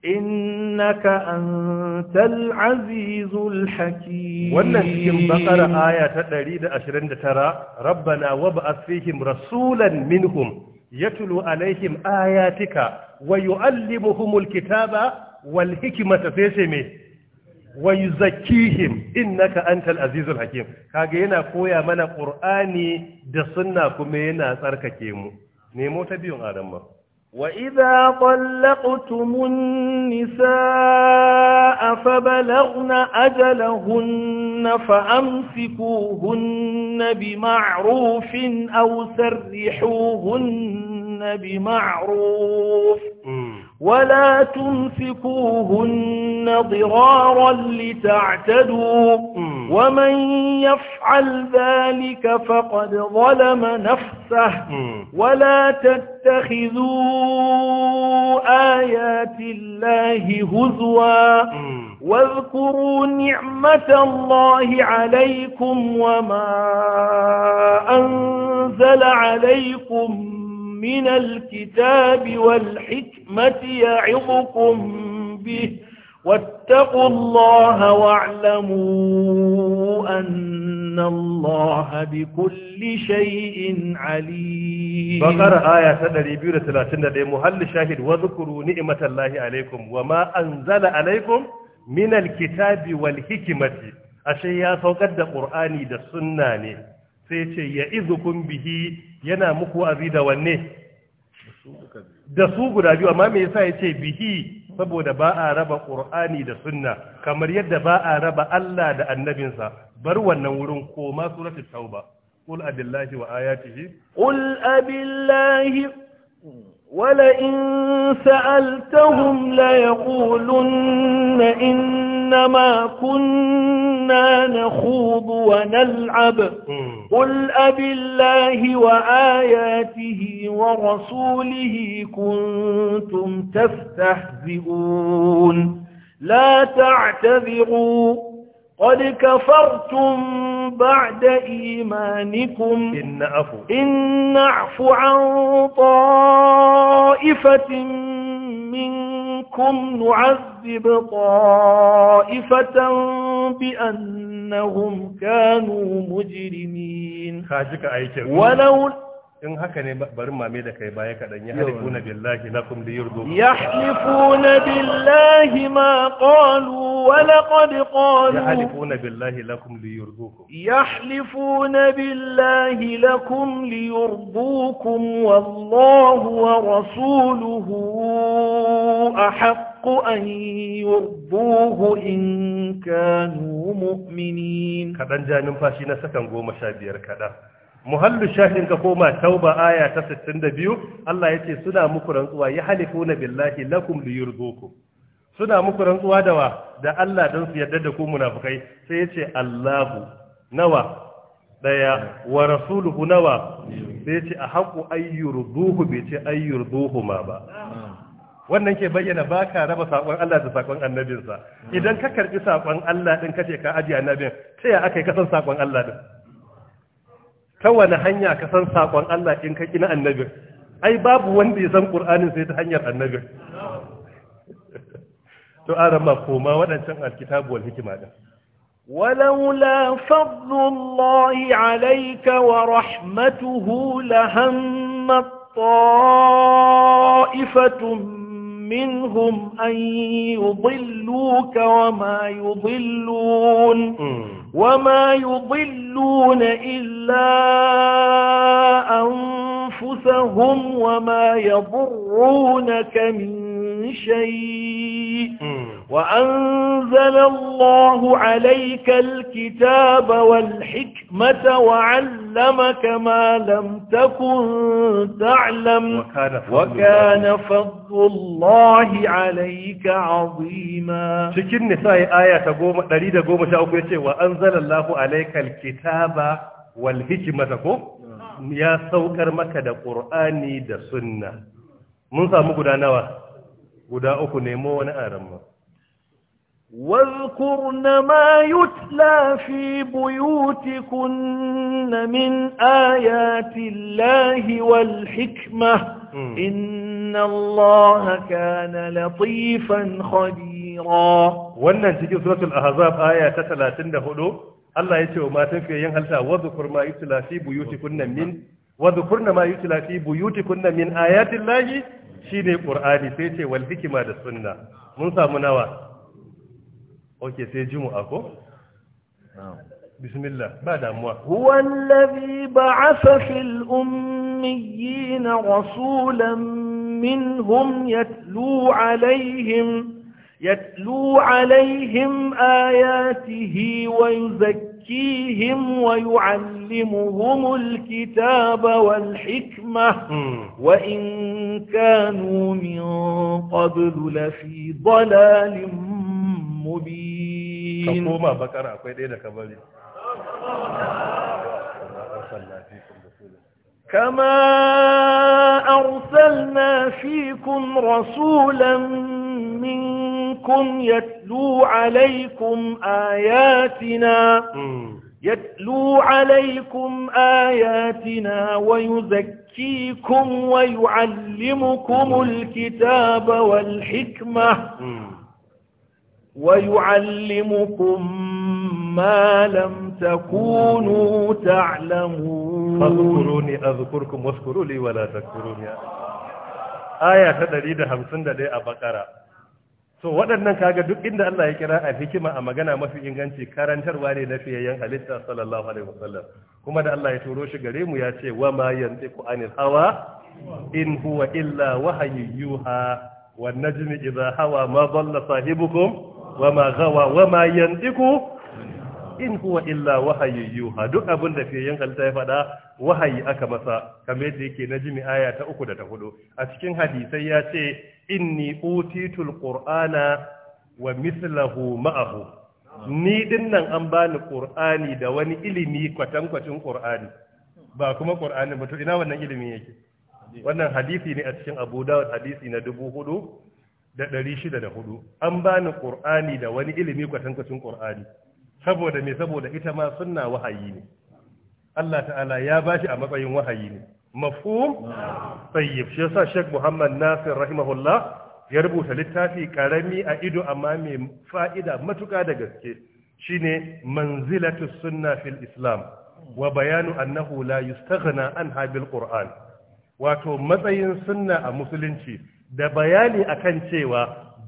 إنك أنت العزيز الحكيم ونسكن بقر آية تريد أشرين ترى ربنا وابعث فيهم رسولا منهم يتلو عليهم آياتك ويعلمهم الكتاب والحكمة فيسمه Wai zakihim innaka antal azizul hakim kaga yana koya mana qur'ani da sunna kuma yana tsarkake mu nemo ta biyun aran ma wa idza tallaqtumun nisaa fa balaghna ajalahunna fa amsikuhunna ma'rufin aw sarrihuhunna maruf mm. ولا تنفقوهن ضرارا لتعتدوا ومن يفعل ذلك فقد ظلم نفسه ولا تتخذوا آيات الله هزوا واذكروا نعمة الله عليكم وما أنزل عليكم من الكتاب والحكمة يعظكم به واتقوا الله واعلموا أن الله بكل شيء عليم بقر آية تدري بيولة ثلاثين محل شاهد وذكروا نعمة الله عليكم وما أنزل عليكم من الكتاب والحكمة أشياء توقد قرآني دا السنة سيتي يئذكم به yana muku wa'azi da wanne da su guda biyu amma me yasa ce bihi saboda ba a raba qur'ani da sunna kamar yadda ba a raba Allah da annabinsa bar wannan wurin koma suratul tauba qul abillahi wa ayatihi qul abillahi ولئن سألتهم ليقولن إنما كنا نخوض ونلعب قل أب الله وآياته ورسوله كنتم تستهزئون لا تعتذروا قد كفرتم بعد إيمانكم إن نعفو عن طائر طائفة منكم نعذب طائفة بأنهم كانوا مجرمين ولو in haka ne bari mame da kai baya kaɗan ya halifuna billahi lakum da yurdu ya halifuna billahi ma qalu wa laqad qalu ya halifuna billahi lakum li yurdukum ya halifuna billahi lakum li yurdukum wallahu wa rasuluhu a ahaqqu an yurduhu in kanu mu'minin Kaɗan janin fashi na sakan goma sha biyar kaɗan. muhallu shahin ka koma tauba aya ta 62 Allah yace suna muku rantsuwa ya na billahi lakum liyurdukum suna muku rantsuwa da wa da Allah dan su yarda da ku munafikai sai yace Allahu nawa daya wa rasuluhu nawa sai yace a haqu ayyurduhu bai ce ayyurduhu ma ba wannan ke bayyana ba ka raba saƙon Allah da saƙon annabinsa idan ka karɓi saƙon Allah ɗin kace ka ajiye annabin sai ya aka yi san saƙon Allah ɗin ta wani hanya ka san sakon Allah in ka kina annabin ai babu wanda ya san qur'anin sai ta hanyar annabin to ara ma koma waɗancan alkitabu wal hikima din ولولا فضل الله عليك ورحمته لهم طائفة منهم أن يضلوك وما يضلون وما يضلون إلا أنفسهم وما يضرونك من شيء وأنزل الله عليك الكتاب والحكمة وعلمك ما لم تكن تعلم وكان فضل, وكان فضل الله عليك عظيما شكر نساء آية تريد قوم شاء وأنزل الله عليك الكتاب والحكمة يا سوكر مكة قرآني دا سنة من سامو قدانوا قدا أكو نيمو ونأرمو واذكرن ما يتلى في بيوتكن من آيات الله والحكمة إن الله كان لطيفا خبيرا wannan cikin suratul ahzab aya ta 34 Allah ya ce wa matan fiyayen halta wadhkur ma yutla fi buyutikunna min wadhkurna shine qur'ani sai ce wal hikma da sunna mun samu nawa ok sai juma'a ko بسم الله بعد أموات هو الذي بعث في الأميين رسولا منهم يتلو عليهم يتلو عليهم آياته ويزكيهم ويعلمهم الكتاب والحكمة وإن كانوا من قبل لفي ضلال mubin ka koma bakara akwai ɗaya da كما أرسلنا فيكم رسولا منكم يتلو عليكم آياتنا يتلو عليكم آياتنا ويزكيكم ويعلمكم الكتاب والحكمة ويعلمكم ما لم تكونوا تعلمون فاذكروني أذكركم واذكروا لي ولا تذكروني آية تدريد همسن دي أبقرة so waɗannan kaga duk inda Allah ya kira a hikima a magana mafi inganci karantarwa ne na fiyayyen halitta sallallahu alaihi wasallam kuma da Allah ya turo shi gare mu ya ce wa ma yanzu anil hawa in huwa illa wahyu yuha wan najmi idha hawa ma dhalla sahibukum wa ma ghawa wa ma yantiqu in huwa illa wahayi yuha duk abin fiye yin halitta ya fada, wahayi aka masa kamar yadda yake na jimi aya ta uku da ta hudu a cikin hadisai ya ce inni utitul qur'ana wa mislahu ma'ahu ni dinnan an bani qur'ani da wani ilimi kwatankwacin qur'ani ba kuma qur'ani to ina wannan ilimi yake wannan hadisi ne a cikin abu dawud hadisi na dubu hudu da ɗari shida da hudu an bani ƙur'ani da wani ilimi kwatankwacin Kur'ani. saboda me saboda ita ma sunna wahayi ne Allah ta'ala ya bashi a matsayin wahayi ne mafhum tayyib shi yasa Sheikh Muhammad Nasir rahimahullah ya rubuta littafi karami a ido amma mai fa'ida matuka da gaske shine manzilatu sunna fil islam wa bayanu annahu la yustaghna anha bil qur'an wato matsayin sunna a musulunci da bayani akan cewa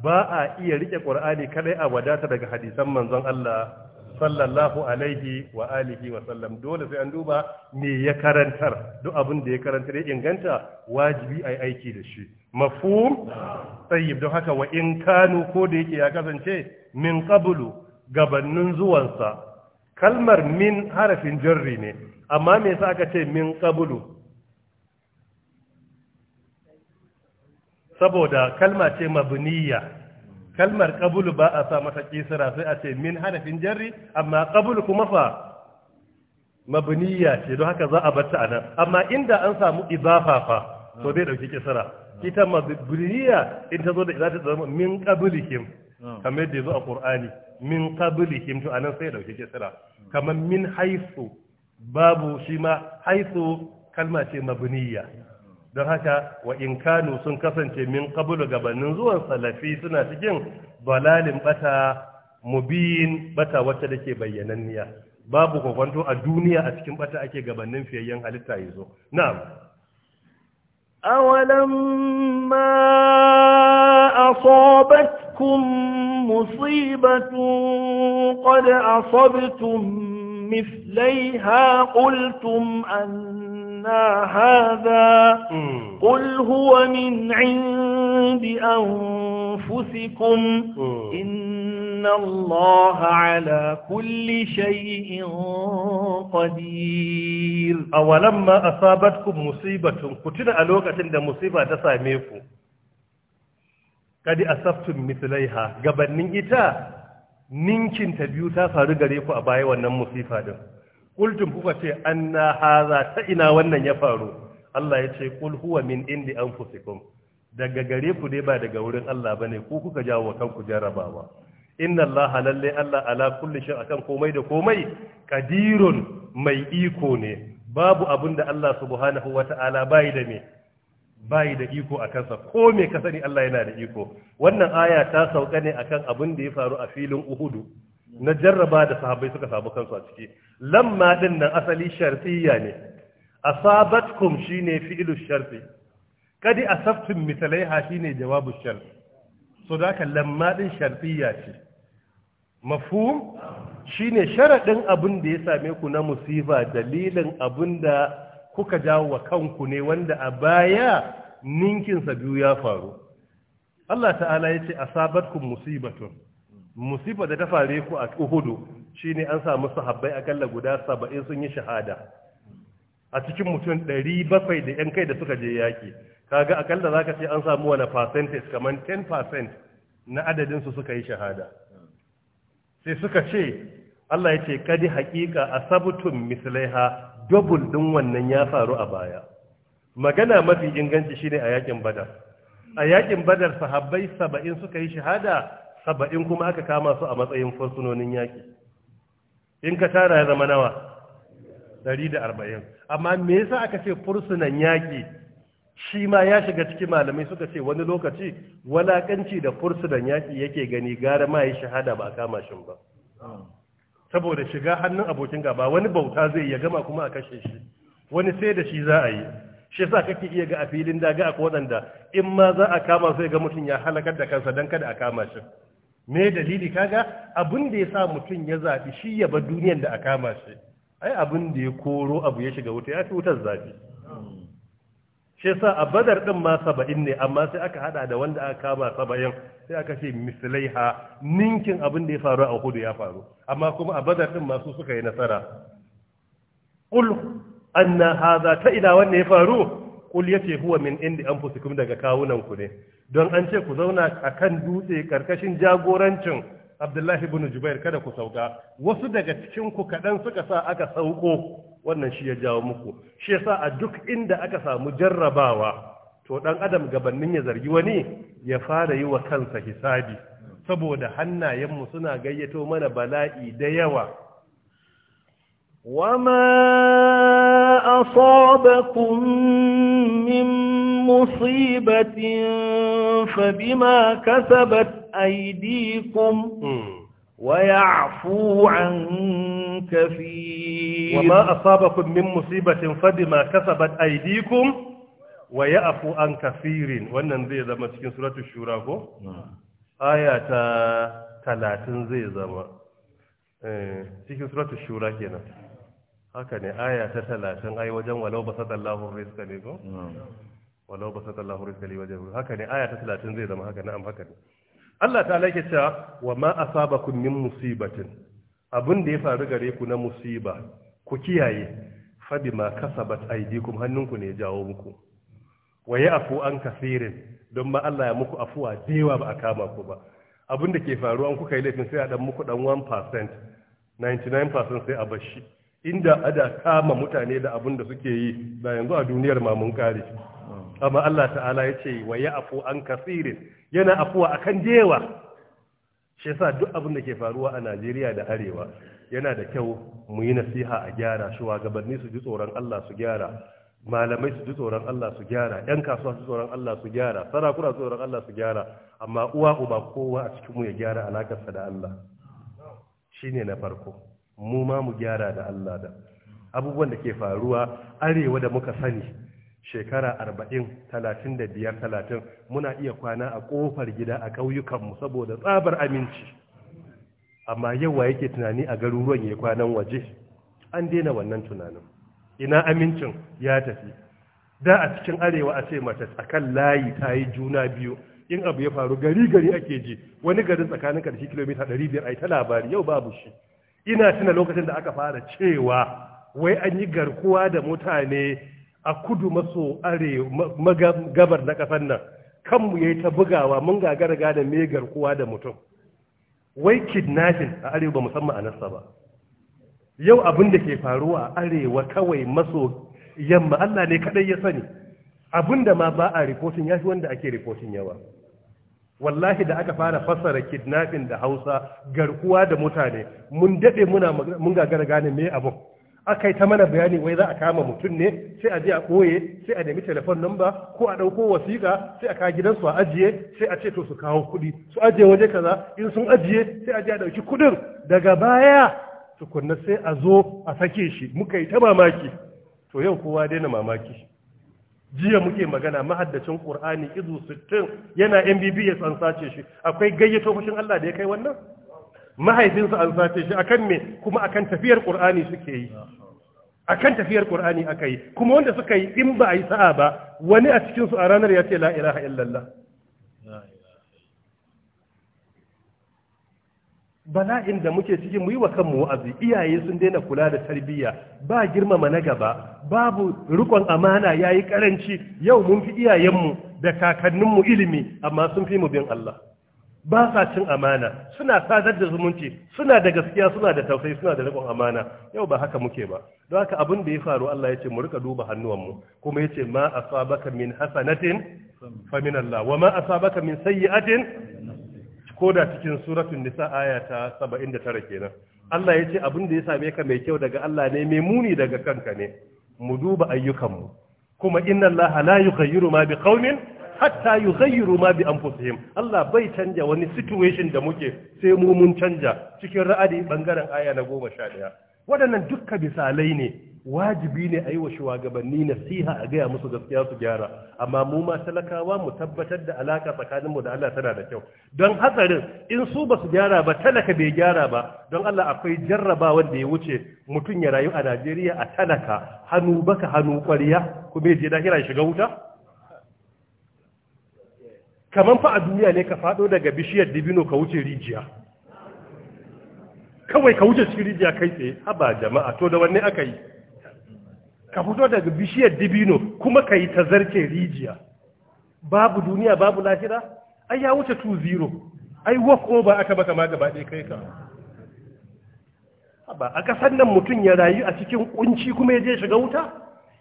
ba a iya rike qur'ani kadai a wadata daga hadisan manzon Allah sallallahu alaihi wa alihi wa sallam dole sai an duba me ya karantar duk abin da ya karantar ya inganta wajibi ai aiki da shi mafhum tayyib don haka wa in kanu ko da yake ya kasance min qablu gabannin sa kalmar min harafin jarri ne amma me yasa aka ce min qablu saboda kalma ce mabniya kalmar qabulu ba a sa mata kisira sai a ce min harafin jarri amma qabulu kuma fa mabniya ce don haka za a batta anan amma inda an samu idafa fa to zai dauki kisra ita mabniya in ta zo da za zama min qablihim kamar yadda zo a qur'ani min qablihim to anan sai dauki kisra kamar min haisu babu shi ma haisu kalma ce mabniya don haka wa in kanu sun kasance min qablu gabanin zuwan salafi suna cikin dalalin bata mubin bata wacce dake bayyananniya babu kwakwanto a duniya a cikin bata ake gabanin fiyayyen halitta yazo na'am ma أصابتكم مصيبة قد أصبتم مثليها قلتم أنا هذا قل هو من عند أنفسكم إن الله على كل شيء قدير أولما أصابتكم مصيبة كتن ألوكة عند مصيبة تساميكم kadi asabtum mithlaiha gabanin ita ninkin ta biyu ta faru gare ku a baya wannan musifa din kultum kuka ce anna haza ta ina wannan ya faru Allah ya ce kul huwa min indi anfusikum daga gare ku dai ba daga wurin Allah bane ku kuka jawo kanku jarrabawa inna Allah lalle Allah ala kulli shay'in akan komai da komai kadirun mai iko ne babu abin da Allah subhanahu wata'ala bai da me bayi da iko a kansa ko me ka sani Allah yana da iko wannan aya ta sauka ne akan abin da ya faru a filin Uhudu na jarraba da sahabbai suka samu kansu a ciki lamma din nan asali shartiyya ne asabatkum shine fi'lu sharti kadi asaftum mithlaiha shine jawabu shart so da haka lamma din shartiyya ce mafhum shine sharadin abin da ya same ku na Musifa dalilin abin da kuka jawo wa kanku ne wanda a baya ninkinsa biyu ya faru Allah ta'ala ya ce asabatkum musibatun musiba da ta fare ku a Uhudu shine an samu sahabbai akalla guda 70 sun yi shahada a cikin mutum bakwai da yan kai da suka je yaki kaga akalla zaka ce an samu wani percentage kaman 10% na adadin su suka yi shahada sai suka ce Allah ya ce kadi haƙiƙa asabtum mislaiha Dubul ɗin wannan ya faru a baya magana mafi inganci shine a yakin badar a yakin badar sahabbai saba'in suka yi shahada saba'in kuma aka kama su a matsayin fursunonin yaki in ka tara ya zama nawa 140 amma me yasa aka ce fursunan yaki shi ma ya shiga ciki malamai suka ce wani lokaci walakanci da fursunan yaki yake gani gara ma yi shahada ba a kama shi ba ah. saboda shiga hannun abokin gaba wani bauta zai ya gama kuma a kashe shi wani sai da shi za a yi shi sa kake iya ga a filin daga a waɗanda in ma za a kama sai ga mutum ya halakar da kansa dan kada a kama shi me dalili kaga abin da ya sa mutum ya zafi shi ya ba duniyar da a kama shi ai abin da ya koro abu ya shiga wuta ya fi wutar zafi shi sa a badar din ma saba'in ne amma sai aka hada da wanda aka kama saba'in sai aka ce mislaiha ninkin abin da ya faru a hudu ya faru amma kuma a badar ɗin masu suka yi nasara qul anna hadha ta ila wanda ya faru ya ce huwa min indi anfusikum daga kawunan ku ne don an ce ku zauna a kan dutse karkashin jagorancin Abdullahi ibn Jubair kada ku sauka wasu daga cikin ku kadan suka sa aka sauko wannan shi ya jawo muku shi yasa a duk inda aka samu jarrabawa to dan adam gabanin ya zargi wani ya fara yi wa kansa hisabi saboda hannayenmu suna gayyato mana bala'i da yawa wama asabakum min musibatin fa bima kasabat aydikum hmm. wa ya'fu an kafi وما أصابكم من مصيبة فبما كسبت أيديكم ويعفو عن كثير wannan zai zama cikin suratul shura ko Ayata 30 zai zama eh cikin suratul shura kenan haka ne Ayata 30 ai wajen walau basatallahu rizqa ne ko walau basatallahu rizqa li wajhihi haka ne Ayata 30 zai zama haka na'am haka Allah ta yake cewa wa ma asabakum min musibatin abin da ya faru gare ku na musiba ku kiyaye fadi ma kasabat aidikum hannunku ne ya jawo muku wa ya afu an kasirin don ma Allah ya muku afuwa dewa ba a kama ku ba abin da ke faruwa kuka yi laifin sai a dan muku dan 1% 99% sai a bashi inda ada kama mutane da abin da suke yi da yanzu a duniyar ma mun kare amma Allah ta'ala ya ce wa ya afu an kasirin yana afuwa akan dewa shi yasa duk abin da ke faruwa a Najeriya da Arewa yana da kyau mu yi nasiha a gyara shugabanni su ji tsoron Allah su gyara malamai su ji tsoron Allah su gyara yan kasuwa su tsoron Allah su gyara sarakuna su tsoron Allah su gyara amma uwa uba kowa a cikin mu ya gyara alakarsa da Allah shine na farko mu ma mu gyara da Allah da abubuwan da ke faruwa arewa da muka sani shekara arba'in talatin da biyar talatin muna iya kwana a ƙofar gida a ƙauyukanmu saboda tsabar aminci amma yau yawa yake tunani a garuruwan ya kwanan waje an daina wannan tunanin ina amincin ya tafi da a cikin arewa a ce mace tsakan layi ta yi juna biyu in abu ya faru gari gari ake ji wani garin tsakanin karshe kilomita 500 a yi ta labari yau babu shi ina tuna lokacin da aka fara cewa wai an yi garkuwa da mutane a kudu maso are gabar na kasan nan kanmu ya yi ta bugawa mun gagara gada mai garkuwa da mutum wai kidnapping a arewa ba musamman a nasa ba yau abin da ke faruwa a arewa kawai maso yamma Allah ne kadai ya sani abin da ma ba a reporting ya fi wanda ake reporting yawa wallahi da aka fara fassara kidnapping da hausa garkuwa da mutane mun daɗe muna mun gagara gane me abin aka yi ta mana bayani wai za a kama mutum ne sai a je a ɓoye sai a nemi telefon namba ko a ɗauko wasiƙa sai a kawo gidansu a ajiye sai a ce to su kawo kuɗi su ajiye waje kaza in sun ajiye sai a je a ɗauki kuɗin daga baya tukunna sai a zo a sake shi muka yi ta mamaki to yau kowa daina mamaki jiya muke magana mahaddacin qur'ani izu 60 yana mbbs an sace shi akwai gayyato fushin Allah da ya kai wannan Mahaifinsu an sace shi akan me kuma akan tafiyar qur'ani suke yi akan tafiyar qur'ani aka yi kuma wanda suka yi in ba a yi sa'a ba wani a cikin su a ranar ya ce la ilaha illallah bala'in da muke cikin mu yi wa kanmu wa'azi iyaye sun daina kula da tarbiyya ba girmama na gaba babu rikon amana yayi karanci yau mun fi iyayenmu da kakanninmu ilimi amma sun fi mu bin Allah ba sa cin amana suna sadar da zumunci suna da gaskiya suna da tausayi suna da riƙon amana yau ba haka muke ba don haka abin da ya faru Allah ya ce mu rika duba hannuwanmu kuma ya ce ma asabaka min hasanatin fa min Allah wa ma asabaka min sayyi'atin koda cikin suratul nisa aya ta 79 kenan Allah ya ce abin da ya same ka mai kyau daga Allah ne mai muni daga kanka ne mu duba ayyukanmu kuma inna Allah la yughayyiru ma biqaumin hatta yughayyiru ma bi anfusihim Allah bai canja wani situation da muke sai mu mun canja cikin ra'adi bangaren aya na goma sha ɗaya waɗannan dukka misalai ne wajibi ne a yi wa shugabanni nasiha a gaya musu gaskiya su gyara amma mu ma talakawa mu tabbatar da alaka tsakaninmu da Allah tana da kyau don hatsarin in su ba su gyara ba talaka bai gyara ba don Allah akwai jarraba wanda ya wuce mutum ya rayu a Najeriya a talaka hannu baka hannu kwariya kuma ya je kira shiga wuta kamar fa a duniya ne ka faɗo daga bishiyar dibino ka wuce rijiya kawai ka wuce cikin rijiya kai tsaye haba jama'a to da wanne aka yi ka fito daga bishiyar dibino kuma ka yi ta zarce rijiya babu duniya babu lahira ai ya wuce 2-0 ai walk over aka baka ma gaba ɗaya kai ka haba a ƙasar nan mutum ya rayu a cikin kunci kuma ya je shiga wuta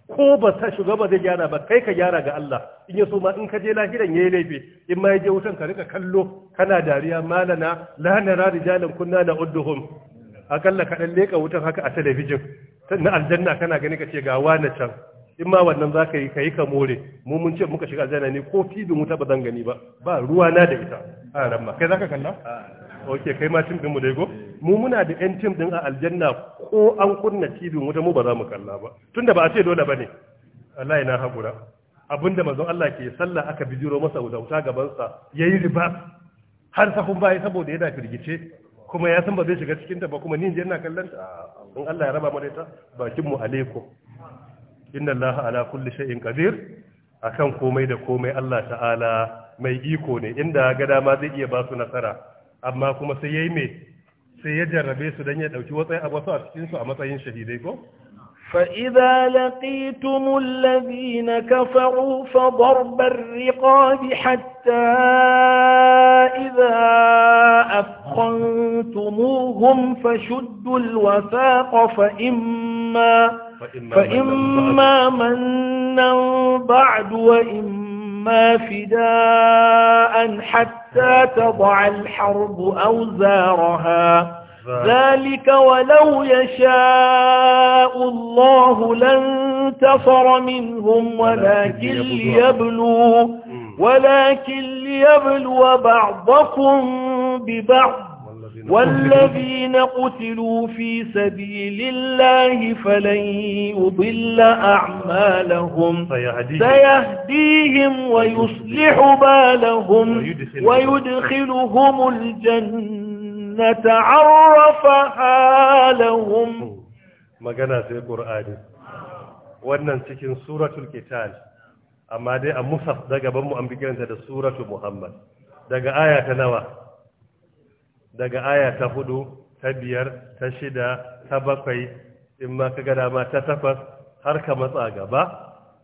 ko ba ta shiga ba zai gyara ba kai ka gyara ga Allah in ya so ma in ka je lahiran yayi laifi in ma ya je wutan ka rika kallo kana dariya malana la rari rijalan kunna na udduhum akalla ka dan leka wutan haka a talabijin na aljanna kana gani ka ce ga wani can in ma wannan za ka yi ka ka more mu mun ce muka shiga aljanna ne ko fidin wuta ba zan gani ba ba ruwa na da ita a ran ma kai za kalla ok kai ma cin mu dai go mu muna da yan cin din a aljanna ko an kunna cibin wuta mu ba za mu kalla ba tunda ba a ce dole bane Allah na hakura abinda manzon Allah ke sallah aka bijiro masa da wuta gaban sa yayi riba har sahun bai saboda yana firgice kuma ya san ba zai shiga cikin ta ba kuma ni ina kallon ta in Allah ya raba mu da ita bakin mu alaikum inna Allah ala kulli shay'in qadir akan komai da komai Allah ta'ala mai iko ne inda ga dama zai iya ba su nasara amma kuma sai yayi me sai ya jarrabe su dan ya dauki watsai a wasu a cikin su a matsayin shahidai ko فإذا لقيتم الذين كفروا فضرب الرقاب حتى إذا أفخنتموهم فشدوا الوثاق فإما, فإما, فإما منا بعد وإما فداء حتى تضع الحرب أوزارها ذلك ولو يشاء الله لن لانتصر منهم ولكن ليبلوا ولكن ليبلوا بعضكم ببعض والذين قتلوا في سبيل الله فلن يضل أعمالهم سيهديهم ويصلح بالهم ويدخلهم الجنة عرفها لهم magana sai ƙur'ani wannan cikin suratul qital amma dai a musaf daga banmu an bi kiranta da suratu muhammad daga ayata nawa daga aya ta hudu ta biyar ta shida ta bakwai in ma ka gada ma ta takwas har ka matsa gaba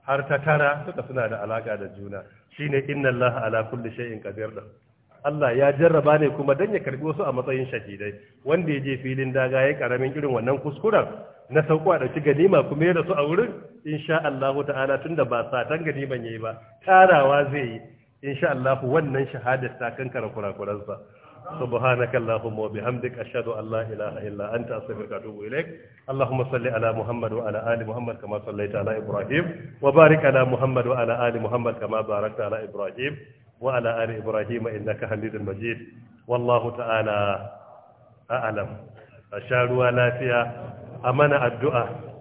har ta tara duka suna da alaka da juna shine inna allaha ala kulli shay'in qadir da Allah ya jarraba ne kuma dan ya karbi wasu a matsayin shahidai wanda ya je filin daga ya karamin irin wannan kuskuren na sauko a dauki ganima kuma ya rasu a wurin insha Allah ta'ala tunda ba satan ganiman yi ba tarawa zai yi insha Allah wannan shahadar ta kankara kurakuransa سبحانك اللهم وبحمدك أشهد أن لا إله إلا أنت أستغفرك وأتوب إليك اللهم صل على محمد وعلى آل محمد كما صليت على إبراهيم وبارك على محمد وعلى آل محمد كما باركت على إبراهيم وعلى آل إبراهيم إنك حميد مجيد والله تعالى أعلم أشهد أن لا فيها أمن الدعاء